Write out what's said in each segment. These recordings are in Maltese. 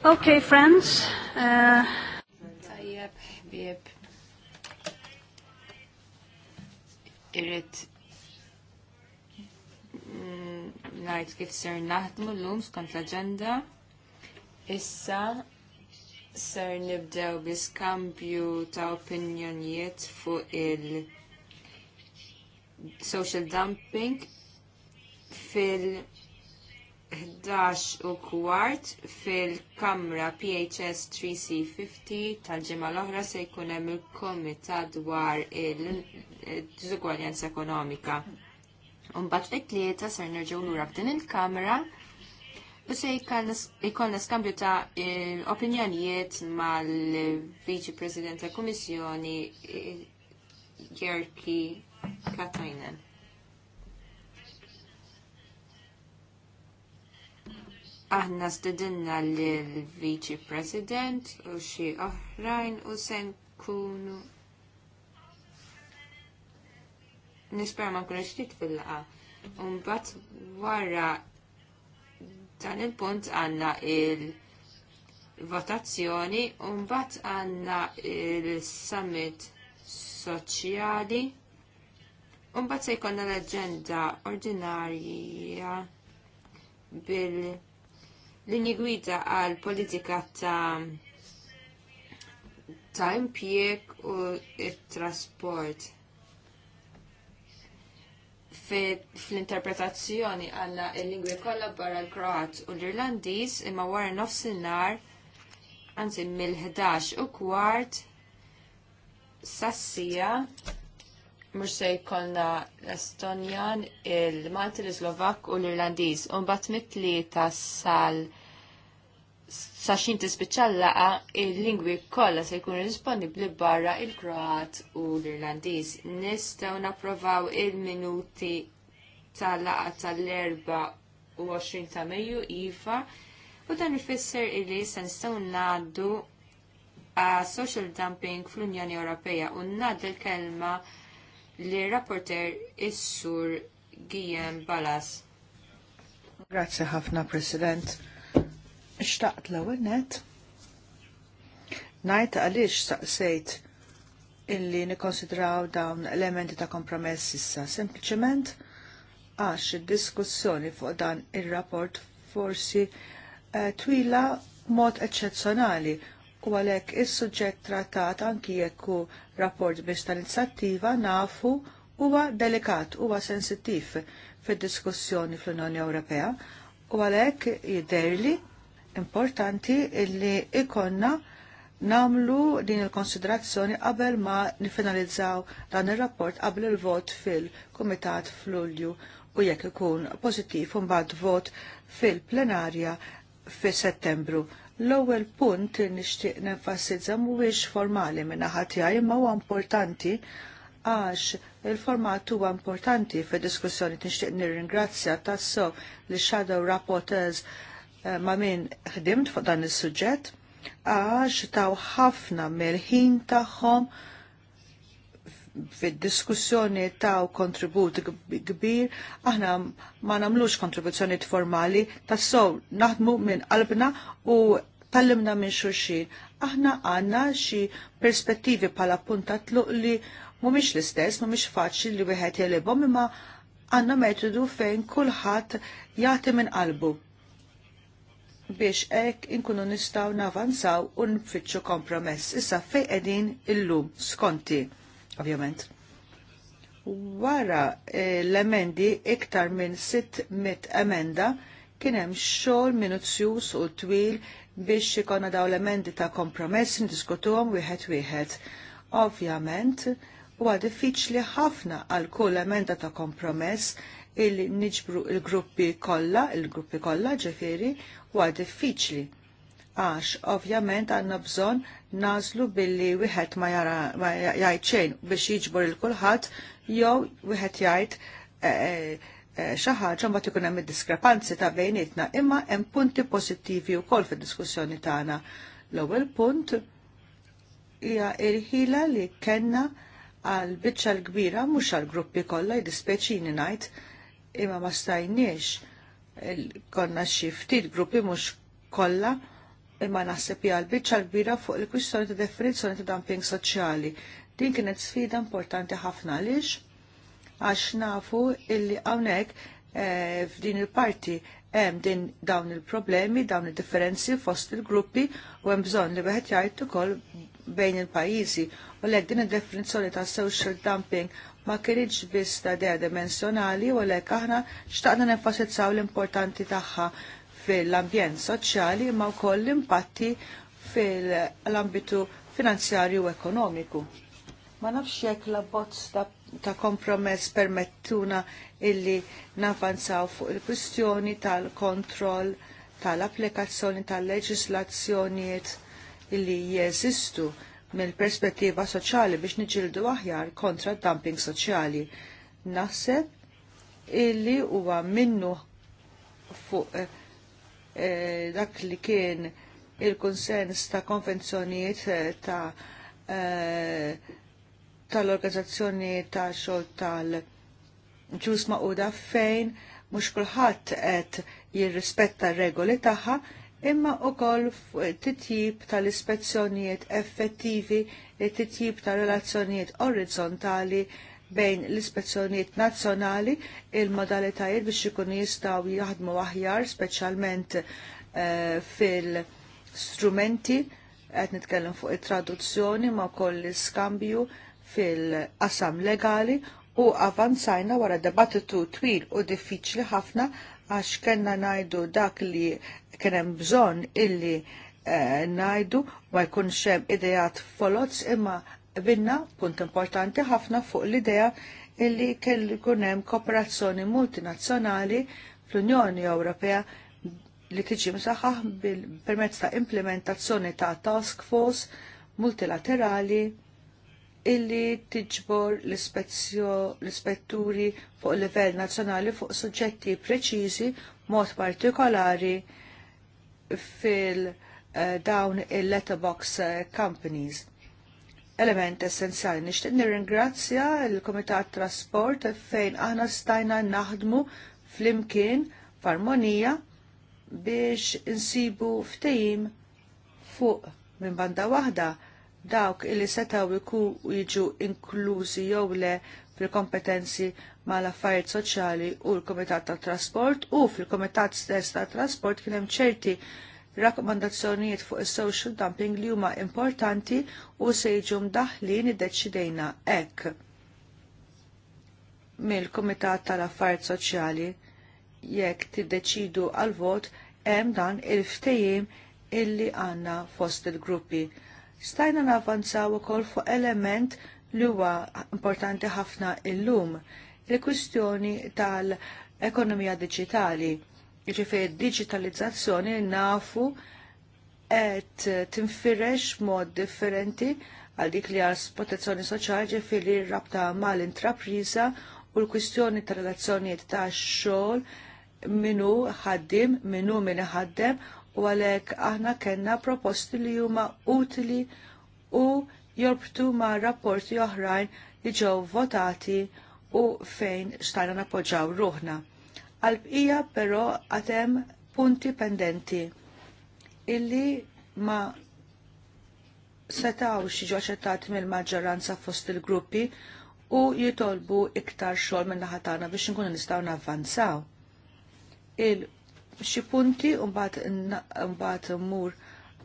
Okay, friends. Uh, Tajjeb, ħbieb. Irrit najt kif ser naħdmu l-lum skont l-agenda. Issa ser nibdew biskambju ta' opinjonijiet fuq il-social dumping fil- 11 u kwart fil-kamra PHS 3C50 tal-ġimgħa l-oħra se jkun hemm il-komitat dwar il-diżugwaljanza ekonomika. Mbagħad fit-tlieta ser nerġgħu lura f'din il-kamra u se jkollna skambju ta' opinjonijiet mal-Viċi President tal-Kummissjoni Jerki eh, Katajnen. Aħna stedinna l-Viċi President u xi oħrajn u sen kunu nispera ma nkunx ftit fil-laqa. Umbat wara dan il-punt għanna il-votazzjoni, mbagħad għanna il-summit soċjali, umbat se jkollna l-agenda ordinarja bil- linji gwida għal politika ta' ta' impjek u il trasport Fl-interpretazzjoni għalla il-lingwi kollha barra l-Kroat u l-Irlandiż imma wara nofsinhar għanzi mill-11 u kwart sassija mux se jkollna l-Estonjan, il-Malti, l-Slovak u l-Irlandiż. bat mitli ta' sal sa xin laqa il-lingwi kollha se jkunu disponibbli barra il-Kroat u l-Irlandiż. Nistgħu napprovaw il-minuti tal-laqa tal-erba u 20 ta' Mejju iva u dan ifisser illi se nistgħu ngħaddu a social dumping fl-Unjoni Ewropea u nadd il kelma li rapporter is-sur Gijem Balas. Grazie ħafna, President. Xtaqt l-ewwel net. Najt għaliex saqsejt illi nikonsidraw dawn elementi ta' kompromess issa. Sempliċement għax id-diskussjoni fuq dan ir-rapport forsi uh, twila mod eccezzjonali U għalhekk is-suġġett trattat anki jekk rapport biex tal-inizjattiva nafu huwa delikat, huwa sensittiv fid-diskussjoni fl-Unjoni Ewropea u għalhekk jidherli importanti illi ikonna namlu din il-konsiderazzjoni qabel ma nifinalizzaw dan il-rapport qabel il-vot fil-Komitat fl-Ulju u jekk ikun pozittiv mbagħad vot fil-plenarja fil settembru. L-ewwel punt nixtieq nenfasizza mhuwiex formali minn tiegħi imma huwa importanti għax il-format huwa importanti fid-diskussjoni tixtieq nirringrazzja tasso li shadow rapporteurs eh, ma' min ħdimt fuq dan is-suġġett għax taw ħafna mill-ħin tagħhom fid diskussjoni ta' kontribut kbir, aħna ma namlux kontribuzzjoni formali, ta' naħdmu minn qalbna u tallimna minn xulxin. Aħna għanna xi perspettivi pala punta tluq li mhumiex l-istess, mhumiex faċli li wieħed jelibom, imma għanna metodu fejn kulħadd jagħti minn qalbu biex ek inkunu nistaw navanzaw u fitxu kompromess. Issa fej edin illum skonti, ovvjament. Wara eh, l-emendi iktar minn 600 emenda kien hemm xogħol u twil biex ikonna daw l-emendi ta' kompromess ndiskutuhom wieħed wieħed. Ovvjament, huwa diffiċli ħafna għal kull emenda ta' kompromess illi niġbru il-gruppi kollha, il-gruppi kollha ġifieri, huwa diffiċli għax ovvjament għanna bżon nazlu billi wieħed ma jara ma jgħid xejn biex jiġbor il kulħadd jew wieħed jgħid eh, Eh, xaħġa mbagħad ikun hemm id-diskrepanzi ta' bejnietna, imma hemm punti pożittivi wkoll fid-diskussjoni tagħna. L-ewwel punt hija irħila li kellna għal biċċa l-kbira mhux għal gruppi kollha jiddispeċini ngħid imma ma stajniex konna xi ftit gruppi mhux kollha imma naħseb hija l-biċċa l-kbira fuq il-kwistjoni ta' definizzjoni ta' dumping soċjali. Din kienet sfida importanti ħafna għaliex għax nafu illi hawnhekk eh, f'din il-parti hemm din dawn il-problemi, dawn il-differenzi fost il-gruppi u hemm bżonn li wieħed jgħid ukoll bejn il-pajjiżi u lek din id-definizzjoni ta' social dumping ma kienx biss ta' dea dimensjonali u lek aħna xtaqna nenfasizzaw l-importanti tagħha fil-ambjent soċjali ma wkoll l-impatti fil-ambitu finanzjarju u ekonomiku. Ma nafx jekk la bozz ta' ta' kompromess permettuna illi navanzaw fuq il-kwistjoni tal-kontroll tal-applikazzjoni tal-leġislazzjonijiet illi jeżistu mill-perspettiva soċjali biex niġildu aħjar kontra dumping soċjali. Naħseb illi huwa minnu fuq eh, eh dak li kien il-konsens ta' konvenzjonijiet eh, ta' eh, tal-organizzazzjoni ta' xogħol tal-ġus maquda fejn mhux kulħadd qed jirrispetta r-regoli tagħha imma wkoll titjib tal-ispezzjonijiet effettivi li titjib ta' relazzjonijiet orizzontali bejn l-ispezzjonijiet nazzjonali il-modalitajiet biex ikunu jistgħu jaħdmu aħjar speċjalment eh, fil-strumenti qed nitkellem fuq it-traduzzjoni ma' koll skambju fil-qasam legali u avanzajna wara debattitu twil u diffiċli ħafna għax kena najdu dak li kena bżon illi eh, najdu ma jkunx hemm idejat folots imma binna punt importanti ħafna fuq l-idea illi kelli kunem hemm kooperazzjoni multinazzjonali fl-Unjoni Ewropea li tiġi msaħħa permezz ta' implementazzjoni ta' task force multilaterali illi tiġbor l-ispetturi fuq livell nazzjonali fuq suġġetti preċiżi mod partikolari fil eh, dawn il-letterbox eh, companies. Element essenzjali nixtieq nirringrazzja l-Kumitat Trasport fejn aħna stajna naħdmu flimkien f'armonija biex insibu ftehim fuq minn banda waħda dawk illi setaw iku jiġu inklużi jew le fil-kompetenzi mal affarijiet soċjali u l-Komitat tat Trasport u fil-Komitat stess tat Trasport kien hemm ċerti rakkomandazzjonijiet fuq is-social dumping li huma importanti u se jiġu mdaħħlin iddeċidejna hekk mill-Komitat tal-Affarijiet Soċjali jekk tiddeċidu għal vot hemm dan il-ftehim illi għandna fost il-gruppi stajna navanzaw ukoll fuq element li huwa importanti ħafna illum, il-kwistjoni tal-ekonomija diġitali. Ġifieri digitalizzazzjoni nafu qed tinfirex mod differenti għal dik li għal protezzjoni soċjali ġifieri rabta mal-intrapriża u l-kwistjoni ta' relazzjonijiet ta' xogħol minu ħaddim, minu min ħaddem u għalhekk aħna kellna proposti li huma utili u jorbtu ma' rapporti oħrajn li ġew votati u fejn stajna napoġġaw ruħna. Għalbqija però għatem punti pendenti illi ma setaw xieġu aċċettati mill-maġġoranza fost il-gruppi u jitolbu iktar xogħol minn naħatana biex nkunu nistgħu navvanzaw. Il xi punti mbagħad mmur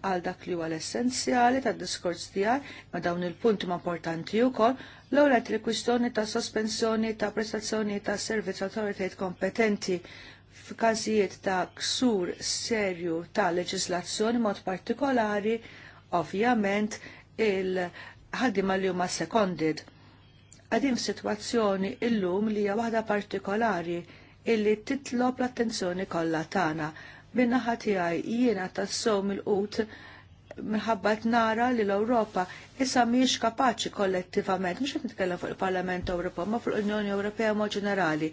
għal dak li huwa l-essenzjali tad-diskors tiegħi ma dawn il-punti ma' importanti wkoll l-ewwel qed il-kwistjoni ta' sospensjoni ta' prestazzjoni ta' servizz autoritajiet kompetenti f'każijiet ta' ksur serju ta' leġislazzjoni mod partikolari ovvjament il-ħaddima li huma seconded. Għadim situazzjoni illum li hija waħda partikolari illi titlob l-attenzjoni kollha tagħna. Min-naħa tiegħi jiena tassew mill-qut minħabba nara li l-Ewropa issa mhijiex kapaċi kollettivament, mhux qed nitkellem fuq il-Parlament Ewropa ma fuq l-Unjoni Ewropea mod ġenerali.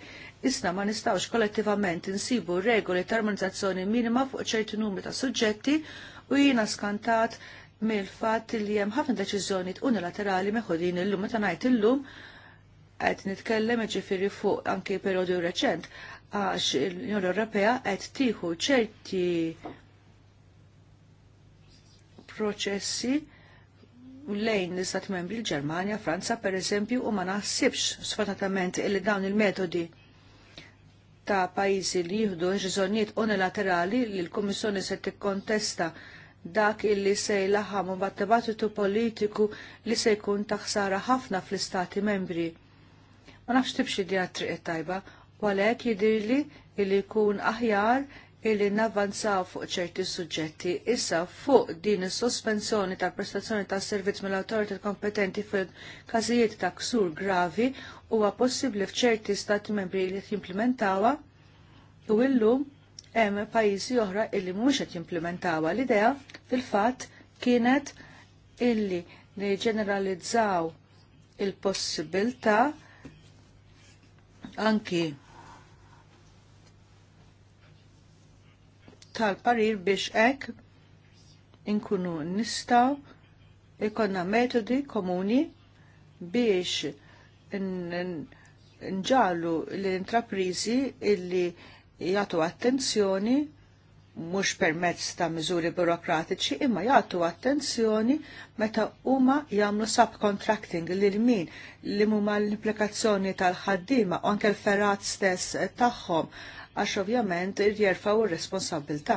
issa ma nistgħux kollettivament insibu regoli ta' armonizzazzjoni minima fuq ċerti numri ta' suġġetti u jiena skantat mill-fatt li hemm ħafna deċiżjoni unilaterali meħudin illum meta ngħid illum qed nitkellem ġifiri fuq anki perjodu reċent għax l-Unjoni Ewropea qed tieħu ċerti proċessi lejn l-Istat Membri l-Ġermanja, Franza per eżempju, u ma naħsibx sfortunatament illi dawn il-metodi ta' pajjiżi li jieħdu riżonijiet unilaterali li l-Kummissjoni se tikkontesta dak illi se jlaħam u bat politiku li se jkun taħsara ħafna fl-Istati Membri Ma nafx tibxi di għat tajba, u għalhekk jidirli illi jkun aħjar illi navvanzaw fuq ċerti suġġetti issa fuq din is-sospensjoni tal-prestazzjoni tas servizz mill-autorità kompetenti fil-każijiet ta' ksur gravi huwa possibbli f'ċerti stati membri li jimplementawha u illum hemm pajjiżi oħra illi mhux qed jimplementawha. L-idea fil-fatt kienet illi ġeneralizzaw il possibilta anki tal-parir biex ek inkunu nistaw ikonna metodi komuni biex nġallu l-intraprizi illi jgħatu attenzjoni mhux permezz ta' miżuri burokratiċi imma jagħtu attenzjoni meta huma jagħmlu subcontracting lil min li huma l-implikazzjoni tal-ħaddiema u anke l-ferat stess tagħhom għax ovvjament jerfaw ir-responsabilità.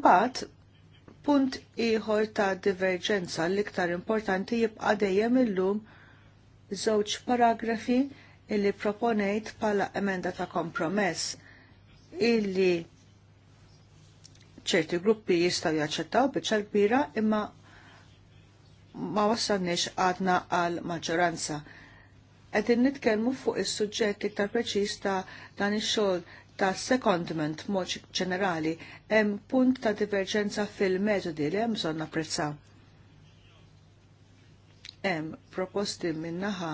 Mbagħad punt ieħor ta' diverġenza l-iktar importanti jibqa' dejjem illum żewġ paragrafi illi proponejt bħala emenda ta' kompromess illi ċerti gruppi jistaw jaċċettaw biċċa kbira imma ma wassalniex għadna għal maġġoranza. Qegħdin nitkellmu fuq is-suġġett iktar preċiż ta' dan ix-xogħol ta' secondment mod ġenerali hemm punt ta' diverġenza fil-metodi li hemm bżonn napprezzaw. Hemm proposti min-naħa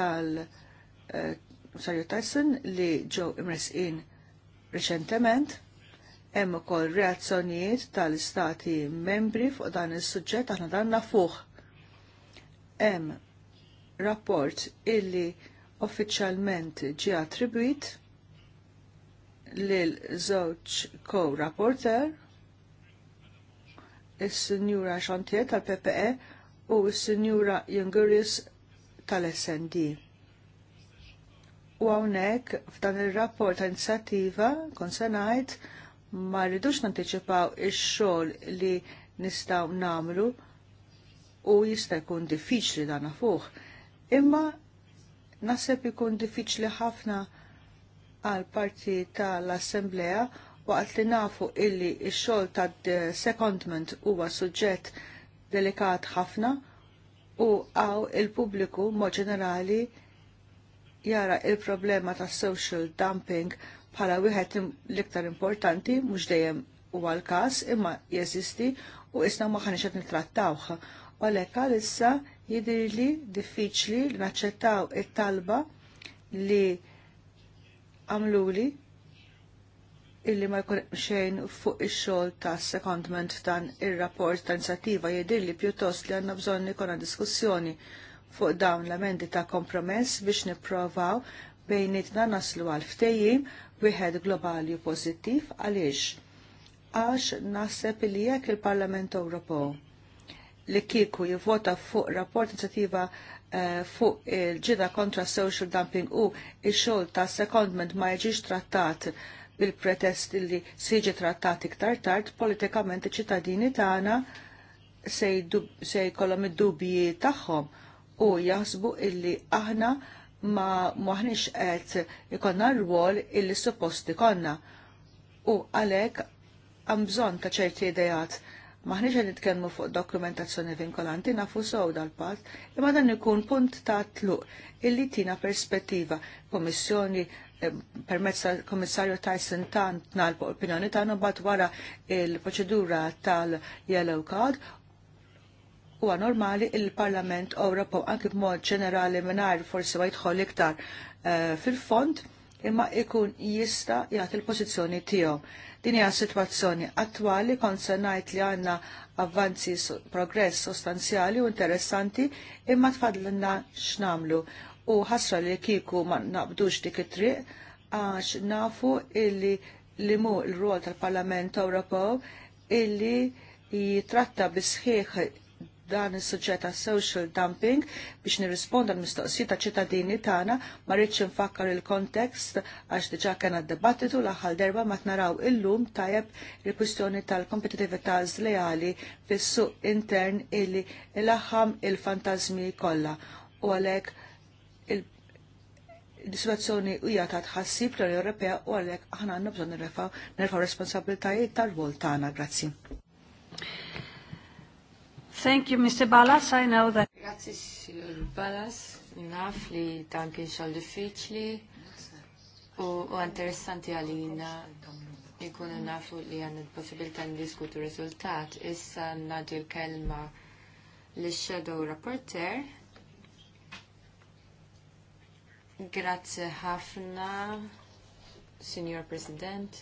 tal eh, Sarju Tyson li ġew imresqin Reċentement, hemm ukoll reazzjonijiet tal-istati membri fuq dan is-suġġett aħna danna fuq. Hemm rapport illi uffiċjalment ġie attribwit lil żewġ co-rapporter is-Sinjura Xantier tal-PPE u s-Sinjura Junguris tal-SND. U hawnhekk f'dan ir-rapport ta' inizjattiva konsenajt ma rridux nanticipaw ix-xogħol li nistgħu nagħmlu u jista' jkun diffiċli dan fuq. Imma naħseb ikun diffiċli ħafna għal parti tal-Assemblea waqt li nafu illi x-xogħol ta' secondment huwa suġġett delikat ħafna u għaw il-pubbliku mod ġenerali jara il-problema ta' social dumping bħala wieħed l-iktar importanti mhux dejjem huwa l-każ imma jeżisti u issa ma ħanix qed nittrattawh. Għalhekk għalissa jidhirli diffiċli li naċċettaw it-talba li għamluli illi ma jkun xejn fuq ix-xogħol ta' secondment dan ir-rapport ta' inizjattiva jidhirli pjuttost li għandna bżonn ikolna diskussjoni fuq dawn l-amendi ta' kompromess biex nipprovaw bejnietna naslu għal ftejim wieħed globali u pożittiv għaliex għax naħseb li jekk il-Parlament Ewropew li kieku jivvota fuq rapport inizjattiva eh, fuq il-ġida kontra social dumping u il-xol ta' secondment ma jġiġ trattat bil-pretest li siġi trattat iktar tard, politikament iċ-ċittadini tagħna se jkollhom id-dubji tagħhom u jasbu illi aħna ma maħnix qed ikonna rwol illi supposti konna. U għalek għam bżon ta' ċerti idejat maħniġ għed nitkellmu fuq dokumentazzjoni vinkolanti nafu sow dal-pat, imma dan ikun punt ta' tluq illi tina perspettiva kommissjoni eh, permezz komissarju Tyson tant nalbu opinjoni tagħna bat wara il-proċedura tal-Yellow Card huwa normali il-Parlament Ewropew anki b'mod ġenerali mingħajr forsi ma jidħol iktar eh, fil-fond imma ikun jista' jagħti l-pożizzjoni tiegħu. Din hija sitwazzjoni attwali kont se ngħid li għandna avvanzi progress sostanzjali u interessanti imma tfadlilna x'namlu u ħasra li kieku ma naqbdux dik it-triq għax nafu illi li mu l-rol tal-Parlament Ewropew illi jitratta bisħieħ dan is-suġġett social dumping biex nirrisponda l-mistoqsijiet ta' ċittadini tagħna ma rridx infakkar il-kontekst għax diġà kena d-dibattitu l-aħħar darba ma naraw illum tajjeb il-kwistjoni tal-kompetitività żlejali fis-suq intern illi ilaħħam il-fantażmi kollha u għalhekk il situazzjoni hija ta' tħassib l-Unjoni Ewropea u għalhekk aħna għandna bżonn nerfgħu responsabiltajiet tar-wol tagħna. Grazzi. Thank you, Mr. Ballas. I know that. Grazie, signor Ballas. Naf li dan kien xogħol diffiċli u interessanti għalina ikunu nafu li għanna possibilità ndiskutu riżultat. Issa nagħdi l-kelma li shadow rapporter. Grazie ħafna, Signor President.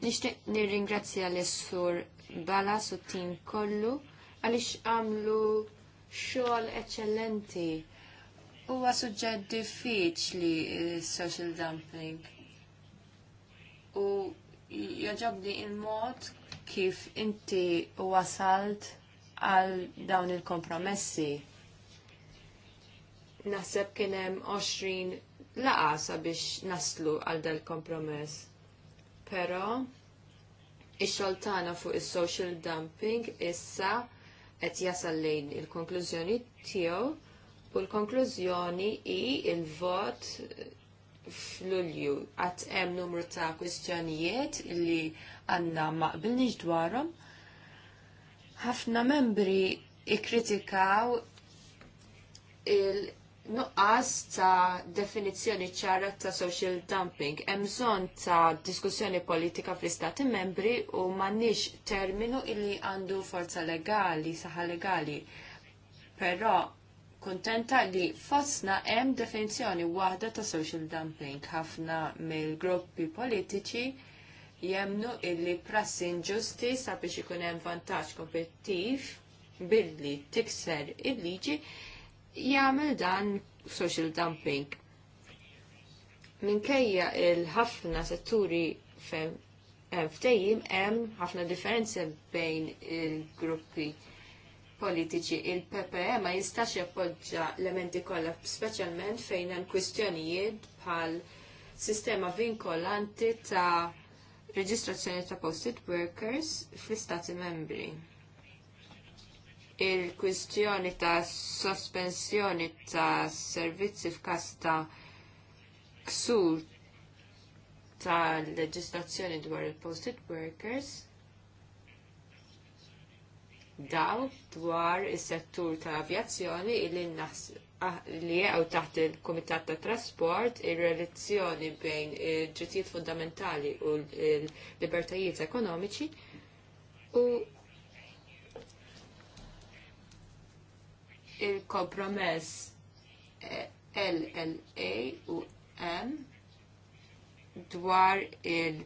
Nishtiq nirringrazzja l-Sur Balas sottin kollu għaliex għamlu xogħol eċċellenti. Huwa suġġett diffiċli eh, social dumping. U joġobni il-mod kif inti wasalt għal dawn il-kompromessi. Naħseb kien hemm 20 laqa sabiex naslu għal dal kompromess. Però Ix-xogħol tagħna fuq is-social dumping issa qed jasal lejn il-konklużjoni tiegħu u l-konklużjoni hi il-vot f'Lulju qatt hemm numru ta' kwistjonijiet li għandna ma qbilniex dwarhom. Ħafna membri ikkritikaw il- nuqqas ta' definizzjoni ċara ta' social dumping. Hemm bżonn ta' diskussjoni politika fl-istati membri u m'għandniex terminu illi għandu forza legali, saħa legali. Però kuntenta li fostna hemm definizzjoni waħda ta' social dumping. Ħafna mill-gruppi politiċi jemnu illi prassi inġusti sabiex ikun hemm vantaġġ kompetittiv billi tikser il-liġi jagħmel dan social dumping. Minkejja il-ħafna setturi eh, ftejjim hemm ħafna differenzi bejn il-gruppi politiċi. Il-PPE ma jistax jappoġġa elementi kollha speċjalment fejn hemm kwistjonijiet bħal sistema vinkolanti ta' reġistrazzjoni ta' posted workers fl-Istati membri il-kwistjoni ta' sospensjoni ta' servizzi f'kas ta' ksur ta' leġislazzjoni dwar il-posted workers daw dwar is-settur tal-avjazzjoni li ah, li jgħu taħt il-Komitat ta' Trasport ir-relazzjoni bejn il-ġrittijiet fundamentali u l-libertajiet ekonomiċi u il-kompromess eh, LLA u M dwar il-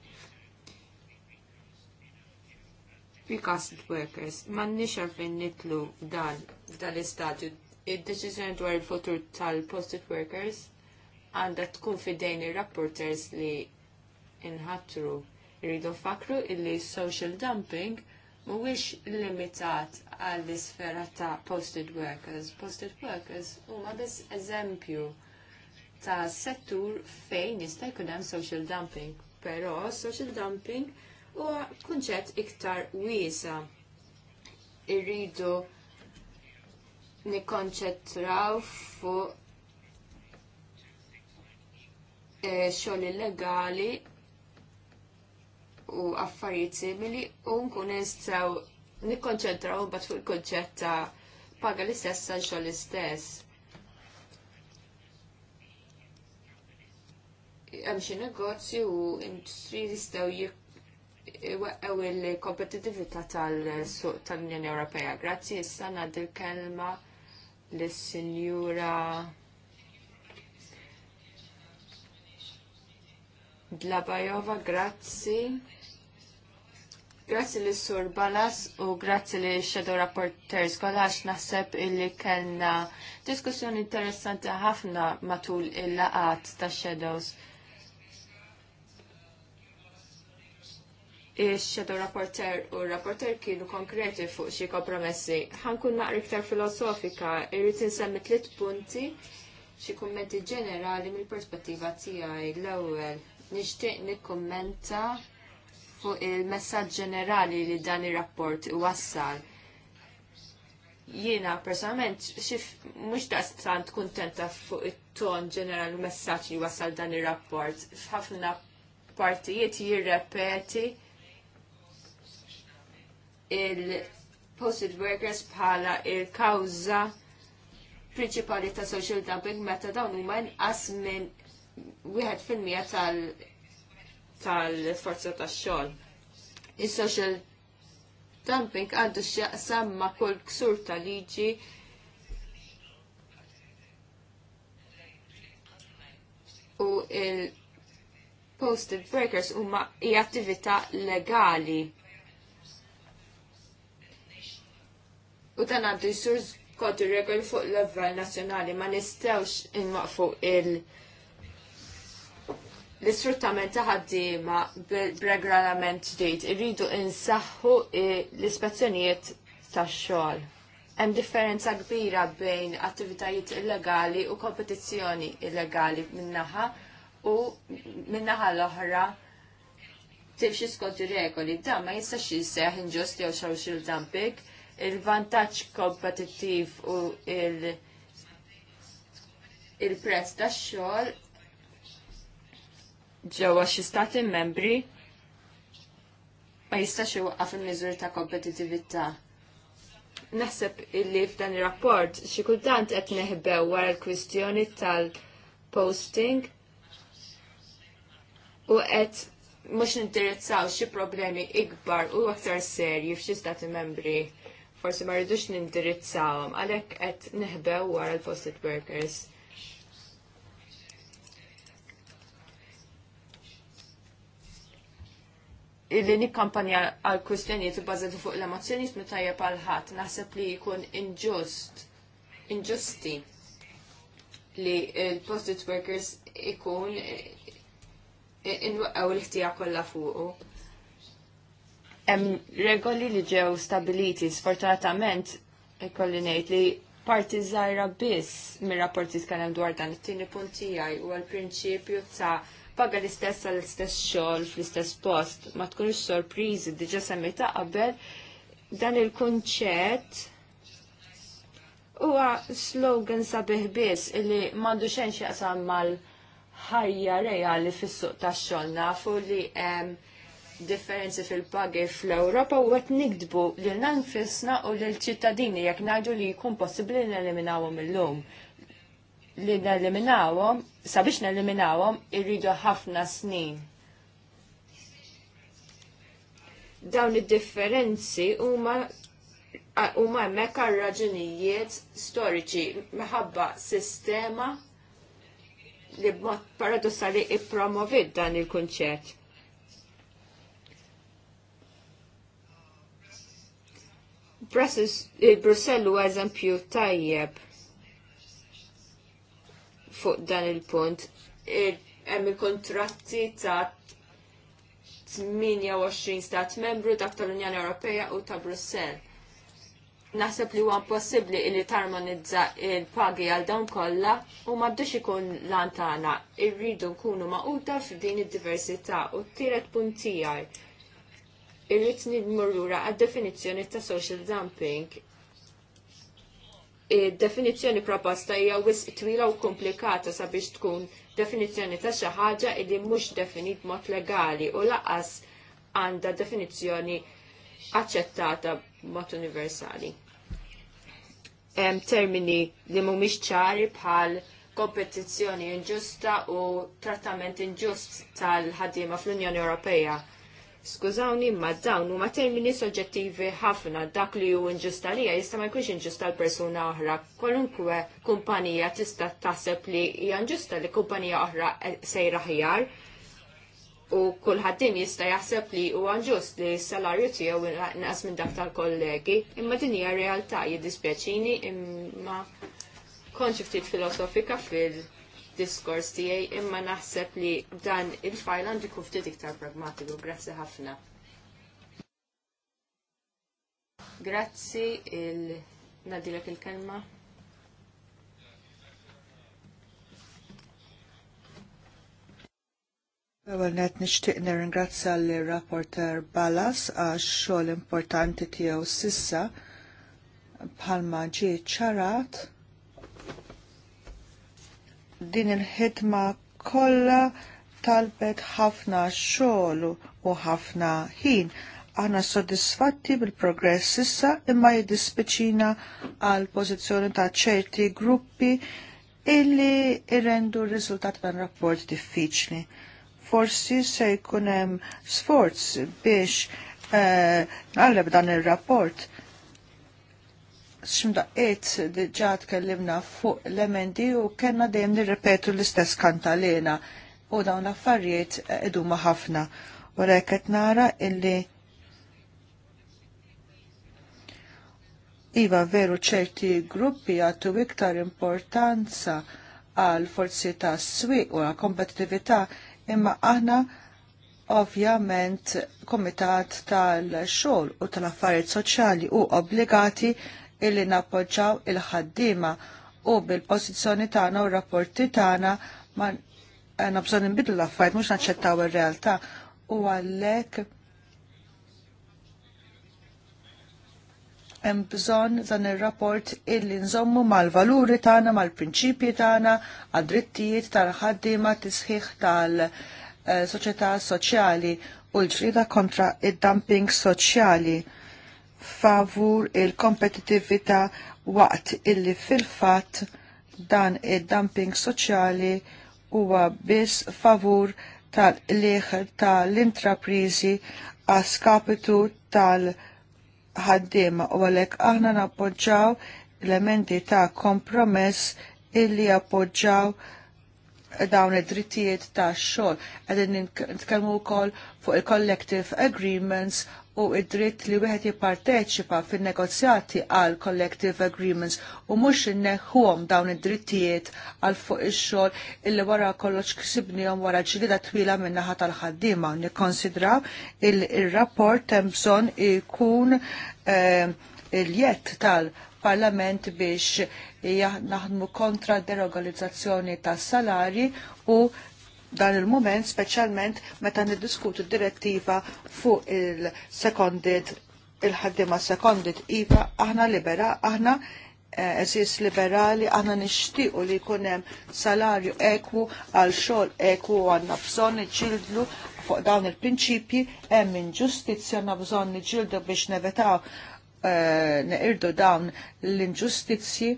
Picasso workers. Man nixar fejn nitlu dan, dan l-istadju. il deċizjoni dwar il-futur tal-posted workers għandha tkun fidejn ir-rapporters li inħatru. rridu fakru illi social dumping mhuwiex limitat għall isfera ta' posted workers. Posted workers huma biss eżempju ta' settur fejn jista' jkun hemm social dumping, però social dumping huwa kunċett iktar wiesa. Irridu nikkonċentraw fuq eh, xogħol illegali u affarijiet simili u nkun nistgħu nikkonċentraw mbagħad fuq il-kunċett ta' paga l-istess għal xogħol istess. Hemm xi negozju u industri jistgħu jweqqgħu il-kompetittività tal-suq tal-Unjoni Ewropea. Grazzi issa ngħaddi l-kelma lis-Sinjura Dlabajova, grazzi. Grazzi li sur Balas u grazzi li Shadow Rapporteurs għalax naħseb illi kellna diskussjoni interessanti ħafna matul il-laqat ta' Shadows. Ix-Shadow Rapporteur u Rapporteur kienu konkreti fuq xi kompromessi. Ħankun naqra iktar filosofika, irrid insemmi tliet punti xi kummenti ġenerali mill-perspettiva tiegħi l-ewwel. Nixtieq nikkummenta fuq il-messaġġ ġenerali li dan ir-rapport wassal. Jiena personalment xif mhux daqstant kuntenta fuq it-ton ġenerali messaġġ li wassal dan ir-rapport. F'ħafna partijiet jirrepeti il-posted workers bħala il-kawża prinċipali ta' social dumping meta dawn huma inqas minn wieħed fil-mija tal- tal-forza tax-xogħol. Is-social dumping għandu xieq samma kull ksur tal-liġi u il-posted workers huma hija attività legali. U dan għandu jisur skont ir-regoli fuq l-level nazzjonali ma nistgħux inwaqfu il-, -il l-istruttament ta' ħaddiema bil-regolament ġdid irridu insaħħu eh, l-ispezzjonijiet tax-xogħol. Hemm differenza kbira bejn attivitajiet illegali u kompetizzjoni illegali minnaħa u minnaħa l-oħra timxi skont ir-regoli. Dan ma jistax jisseħ inġust jew social dumping, il-vantaġġ kompetittiv u l il-prezz tax-xogħol ġewwa xi stati membri ma jistax iwaqqaf il-miżur ta' kompetitività. Naħseb illi f'dan ir-rapport xi kultant qed neħbew wara l-kwistjoni tal-posting u qed mhux nindirizzaw xi problemi ikbar u aktar serji f'xi stati membri forsi ma rridux nindirizzawhom għalhekk qed neħbew wara l-posted workers. illi nikkampanja għal kwistjonijiet bbażati fuq l-emozzjonijiet mitajja pal ħadd naħseb li jkun inġust inġusti li l postage workers ikun inwqqaw l-ħtija kollha fuqu. Hemm regoli li ġew stabiliti sfortunatament ikolli ngħid li parti zaħra biss mir-rapporti tkellem dwar dan it-tieni punti tiegħi huwa l-prinċipju ta' paga l-istess għal istess xogħol fl-istess post. Ma tkunx sorpriżi diġa semmita qabel dan il-kunċett huwa slogan sabiħ biss illi mandu xejn x'jaqsam mal-ħajja reali fis-suq tax-xogħol nafu li hemm differenzi fil-pagi fl-Europa u għet nikdbu li l-nanfisna u l-ċittadini jek naġu li jkun possibli n-eliminawum l-lum li neliminawhom, sabiex neliminawhom irridu ħafna snin. Dawn id-differenzi huma huma hemmhekk għal raġunijiet storiċi minħabba sistema li b'mod paradossali ippromovit dan il-kunċett. Brussels, Brussellu eżempju tajjeb fuq dan il-punt. Hemm il-kontratti ta' 28 stat membru dak tal-Unjoni Ewropea u ta' Brussell. Naħseb li huwa possibbli li tarmonizza il-pagi għal dawn kollha u m'għaddux ikun lantana tagħna irridu nkunu maquta f'din id-diversità u t-tielet punt tiegħi irrid nidmur lura għad-definizzjoni ta' social dumping definizzjoni proposta hija wisq twila u komplikata sabiex tkun definizzjoni ta' xi ħaġa li mhux definit mod legali u laqas għandha definizzjoni aċċettata mod universali. Hemm termini li mhumiex ċari bħal kompetizzjoni inġusta u trattament inġust tal-ħaddiema fl-Unjoni Ewropea Skużawni, ma dawn huma termini soġġettivi ħafna dak li inġusta li jista' ma jkunx inġusta l-persuna oħra. Kwalunkwe kumpanija tista' taħseb li hija li kumpanija oħra sejra ħjar u kullħaddin jista' jaħseb li huwa għanġust li s-salarju tiegħu inqas minn dak tal-kollegi, imma din hija realtà jiddispjaċini imma kontx ftit filosofika fil- diskors tiegħi imma naħseb li dan il-fajl għandu kuftit ftit iktar pragmatiku. Grazzi ħafna. Grazzi il nadilek il-kelma. Għal net nixtieq nirringrazzja l rapporter Balas għax xogħol importanti tiegħu sissa bħalma ġie ċarat din il ħitma kollha talbet ħafna xogħol u ħafna ħin. Aħna soddisfatti bil-progress issa imma jiddispiċina għal pożizzjoni ta' ċerti gruppi illi irrendu r-riżultat dan rapport diffiċli. Forsi se jkun hemm sforz biex eh, dan ir-rapport ximdaqqiet diġa tkellimna fuq l-emendi u kena dejjem nirrepetu l-istess kantalena u dawn l-affarijiet iduma ħafna. U reket nara illi Iva veru ċerti gruppi għattu iktar importanza għal forzi ta' swi u għal kompetitività imma aħna ovvjament komitat tal-xogħol u tal-affarijiet soċjali u obbligati illi nappoġġaw il-ħaddiema u bil-pożizzjoni tagħna u rapporti tagħna ma għandna bżonn inbidlu l-affarijiet mhux naċċettaw ir-realtà u għalhekk hemm bżonn dan ir-rapport illi nżommu mal-valuri tagħna, mal-prinċipji tagħna, għad-drittijiet tal-ħaddiema tisħiħ tal-soċjetà soċjali u l-ġrida kontra id-dumping soċjali favur il-kompetitività waqt illi fil-fat dan id-dumping soċjali huwa biss favur tal-liħ tal-intraprizi għaskapitu tal ħaddima u għalek aħna nappoġġaw elementi ta' kompromess illi appoġġaw dawn id-drittijiet ta' xogħol. Qegħdin nitkellmu wkoll fuq il-collective agreements u id-dritt li wieħed jipparteċipa fin-negozjati għal collective agreements u mhux inneħħuhom dawn id-drittijiet għal fuq ix-xogħol illi wara kollox ksibnihom wara ġlida twila min naħa tal-ħaddiema. Nikkonsidraw il-rapport hemm bżonn ikun ehm, il-jett tal-Parlament biex naħdmu kontra derogalizzazzjoni tas-salari u dan il-moment, specialment meta id direttiva fuq il-seconded, il-ħaddima seconded IVA, aħna libera, aħna eh, eżis liberali, aħna nishtiqu li kunem salarju ekwu għal xol ekwu għanna bżon iġildlu fuq dawn il-prinċipji, hemm inġustizzja għanna bżon iġildlu biex nevetaw eh, neqirdu dawn l-inġustizzji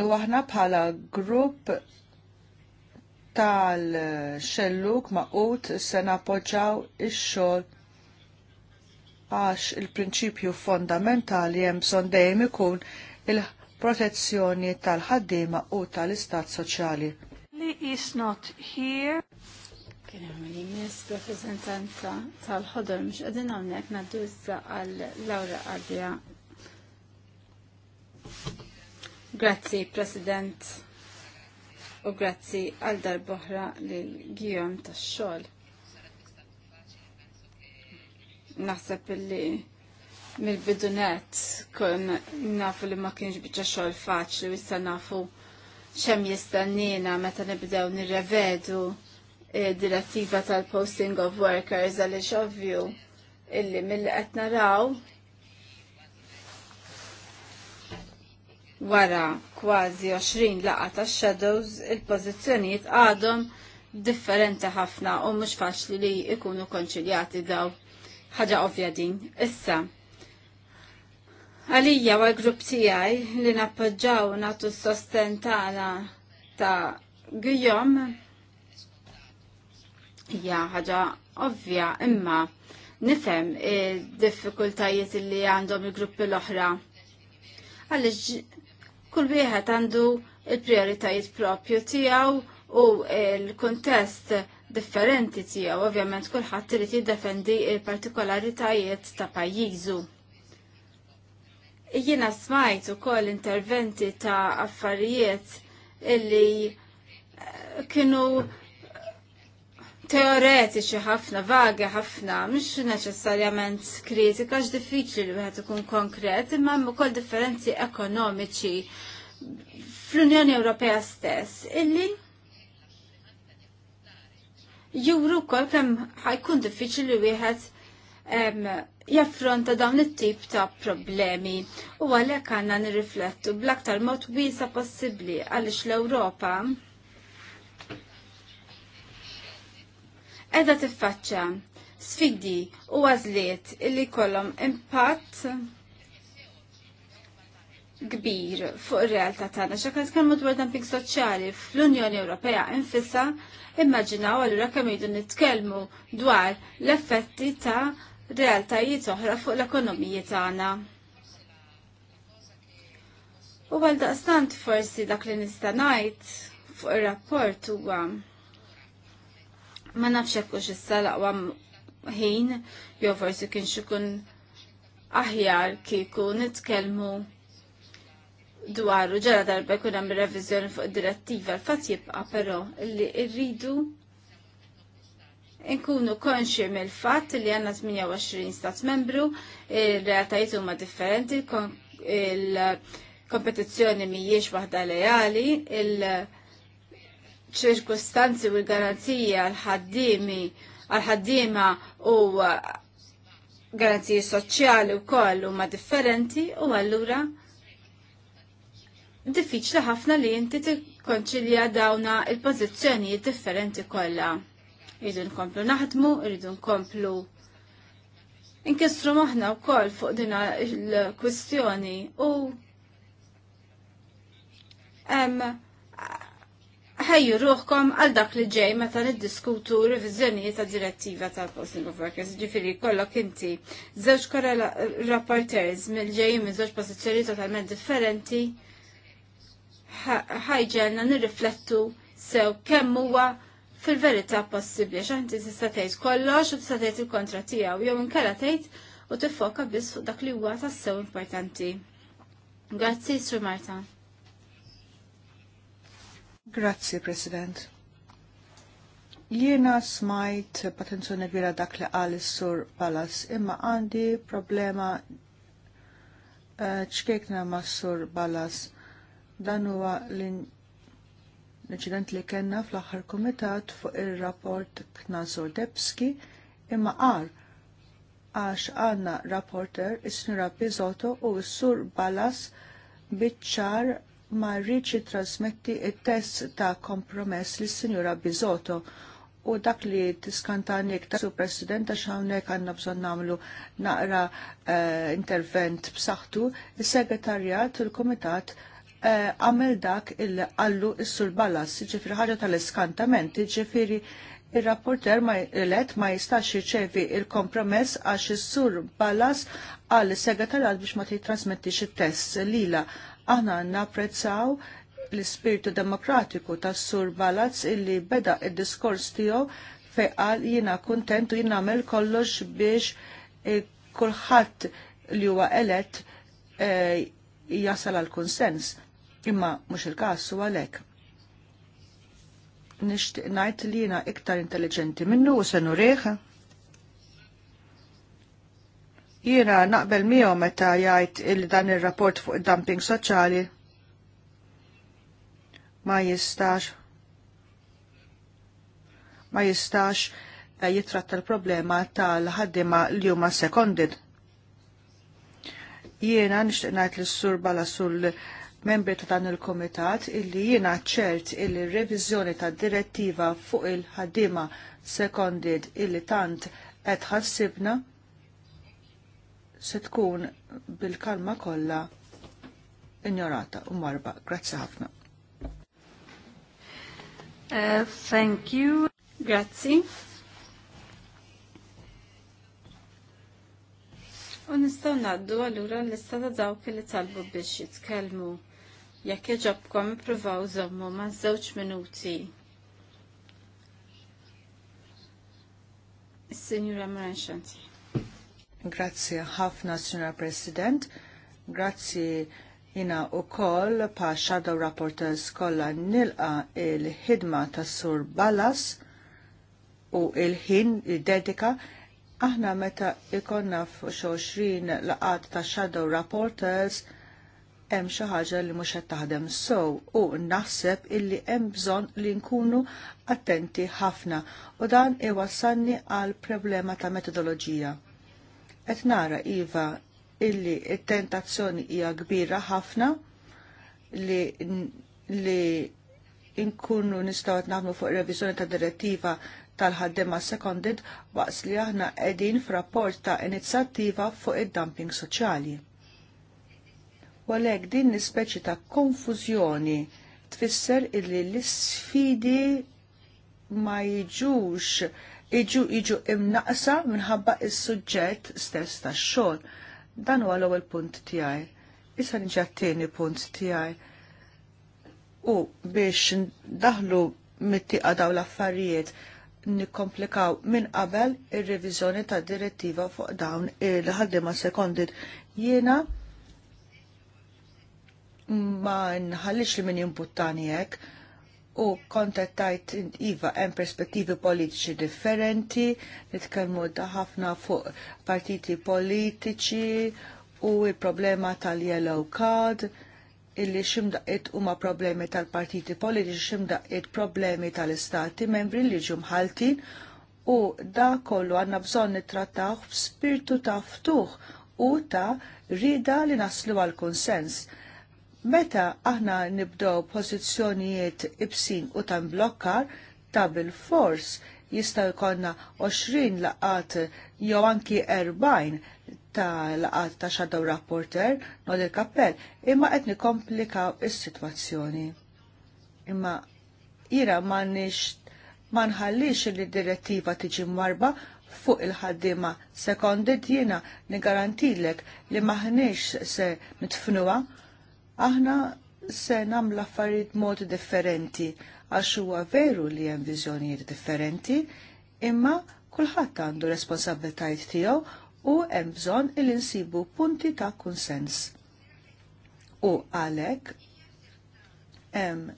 U aħna bħala grupp tal-xelluk ut se napoġġaw ix-xogħol għax il-prinċipju fondamentali hemm bżonn dejjem ikun il-protezzjoni tal-ħaddiema u tal-istat soċjali. Li is not here. Kien hemm li miss tal-ħodor mhux qegħdin hawnhekk ngħaddu issa għal Laura Qardija Grazzi, President, u grazzi għal darboħra l Gijom tax xol. Naħseb li mill-bidunet kon nafu li ma kienx bieċa xol faċli u issa nafu xem jistannina meta nibdew nirrevedu eh, direttiva tal-posting of workers għal ovvju illi mill-qed naraw wara kważi 20 laqa ta' shadows il-pożizzjonijiet għadhom differenti ħafna u mhux faċli li jkunu konċiljati daw ħaġa ovvja din. Issa, għalija għal grupp tiegħi li nappoġġaw nagħtu s-sosten tagħna ta' Gijom hija ħaġa ovvja imma nifhem id-diffikultajiet li għandhom il-gruppi l-oħra għalix kull wieħed għandu il-prioritajiet propju tiegħu u l-kuntest differenti tiegħu ovvjament kulħadd irid jiddefendi il-partikolaritajiet ta' pajjiżu. Jiena smajt ukoll interventi ta' affarijiet illi kienu teoretiċi ħafna, vagi ħafna, mux neċessarjament kritika, għax diffiċli li wieħed ikun konkret, imma hemm ukoll differenzi ekonomiċi fl-Unjoni Ewropea stess, illi juru wkoll kemm ħajkun diffiċli li wieħed jaffronta dawn it-tip ta' problemi u għalhekk għandna nirriflettu bl-aktar mod wiesa possibbli għaliex l-Ewropa edha tiffaċċa sfidi u għazliet illi kollom impatt kbir fuq ir-realtà tagħna x'akk nitkellmu dwar dumping soċjali fl-Unjoni Ewropea infissa immaġinaw allura kemm idu nitkellmu dwar l-effetti ta' realtajiet oħra fuq l-ekonomiji tagħna. U għal daqstant forsi dak li nista' ngħid fuq ir-rapport huwa ma nafx hekk hux issa laqwa ħin jew forsi kien ikun aħjar kieku nitkellmu dwaru ġara darba jkun hemm reviżjoni fuq direttiva l-fatt jibqa' però li rridu Inkunu konxi mill-fatt li għanna 28 stat membru, il-realtajiet huma differenti, il-kompetizzjoni mhijiex waħda lejali, il-, -il ċirkustanzi u l-garanzija għal-ħaddimi għal-ħaddima u garanziji soċjali u koll ma differenti u allura diffiċli ħafna li inti tikkonċilja dawna il-pożizzjonijiet differenti kollha. Iridu nkomplu naħdmu, iridu nkomplu inkistru maħna u koll fuq dina il-kwistjoni u hemm ħejju ruħkom għal dak li ġej meta niddiskutu revizjoni ta' direttiva tal-Posting of Workers, ġifiri kollok inti żewġ rapporters mill-ġej minn zewġ pożizzjoni totalment differenti ħajġelna nirriflettu sew kemm huwa fil-verità possibbli għax inti tista' tgħid kollox u tista' tgħid il-kontra tiegħu jew inkella tgħid u tiffoka biss fuq dak li huwa tassew importanti. Grazzi, Sur Marta. Grazzi, President. Jiena smajt patenzjoni kbira dak li għal sur Balas, imma għandi problema eh, ċkekna ma' sur Balas. Dan huwa l-inċident li kellna fl-aħħar kumitat fuq ir-rapport Knazor Debski imma qal għax għanna rapporter is-Sinjura Pizzotto u s-Sur Balas biċċar ma rriċi trasmetti il-test ta' kompromess li sinjura Bizoto u dak li tiskantani iktar su presidenta xawnek għanna bżon namlu naqra uh, intervent b'saħħtu, il-segretarjat u l-komitat eh, għamel dak il-għallu il-sur balas, ġifiri ħagġa tal-iskantament, ġifiri il-rapporter ma let ma jistax ċevi il-kompromess għax il-sur balas għal segretarjat biex ma titrasmettix il-test lila Aħna napprezzaw l-ispirtu demokratiku tas sur Balazz illi beda id-diskors tiegħu fejn qal jiena kuntent u jien nagħmel kollox biex eh, kulħadd li huwa elett eh, jasal għal konsens imma mhux il-każ huwa għalhekk nishtiq najt li jina iktar intelligenti minnu u senu reħa. Jiena naqbel miegħu meta jgħid il dan ir-rapport fuq dumping soċjali ma jistax ma jistax eh, jitratta l-problema tal-ħaddima li huma seconded. Jiena nixtieq ngħid lis-sur bala sul membri ta' dan il-komitat illi jiena ċert illi r-reviżjoni tad direttiva fuq il-ħaddima seconded illi tant qed ħassibna se tkun bil-kalma kollha ignorata u marba. Grazzi ħafna. Uh, thank you. Grazzi. U nistaw naddu għallura l-istada dawk li talbu biex jitkellmu. Jekk iġobkom ippruvaw żommu ma' żewġ minuti. Signora Maranxanti. Grazzi ħafna, Sr. President. Grazzi jina u koll pa Shadow Rapporteurs kolla nilqa il-ħidma ta' Sur Balas u il-ħin il-dedika. Aħna meta ikonna f-xoxrin laqat ta' Shadow rapporters hemm xi ħaġa li mhux qed taħdem sew u naħseb illi hemm bżonn li nkunu attenti ħafna u dan iwassalni għal problema ta' metodoloġija qed nara iva illi it-tentazzjoni hija kbira ħafna li li inkunu nistgħu qed naħdmu fuq revizjoni ta' direttiva tal-ħaddema seconded waqs li aħna qegħdin f'rapport ta' inizjattiva fuq id-dumping soċjali. Walek din nispeċi ta' konfużjoni tfisser illi l-sfidi ma jiġux iġu iġu imnaqsa minħabba il suġġett stess tax-xogħol. Dan huwa l-ewwel punt tiegħi. Issa niġi għat-tieni punt tiegħi. U biex ndaħlu mittiqa daw l-affarijiet nikkomplikaw minn qabel ir-reviżjoni ta' direttiva fuq dawn il-ħaddiema sekondit. Jiena ma nħallix li min jimputtani hekk, u kontattajt iva hemm perspettivi politiċi differenti, nitkellmu da ħafna fuq partiti politiċi u il-problema tal-yellow card illi ximdaqit huma problemi tal-partiti politiċi ximdaqit problemi tal-istati membri li ġu mħaltin u da kollu għanna bżon nittrattaw f'spirtu ta' ftuħ u ta' rida li naslu għal konsens Meta aħna nibdow pożizzjonijiet ibsin u tan blokkar, ta' bil-fors jista' jkollna 20 laqat jew anki 40 ta' laqat ta' shadow rapporter nod il-kappell, imma qed nikomplikaw is-sitwazzjoni. Imma ira m'għandniex ma nħallix li direttiva tiġi marba fuq il-ħaddima sekondit jiena nigarantillek li maħniex se mitfnuwa aħna se namlu affarijiet mod differenti għax huwa veru li hemm viżjonijiet differenti, imma kulħadd għandu responsabbiltajt tiegħu u hemm bżonn il nsibu punti ta' kunsens. U għalhekk hemm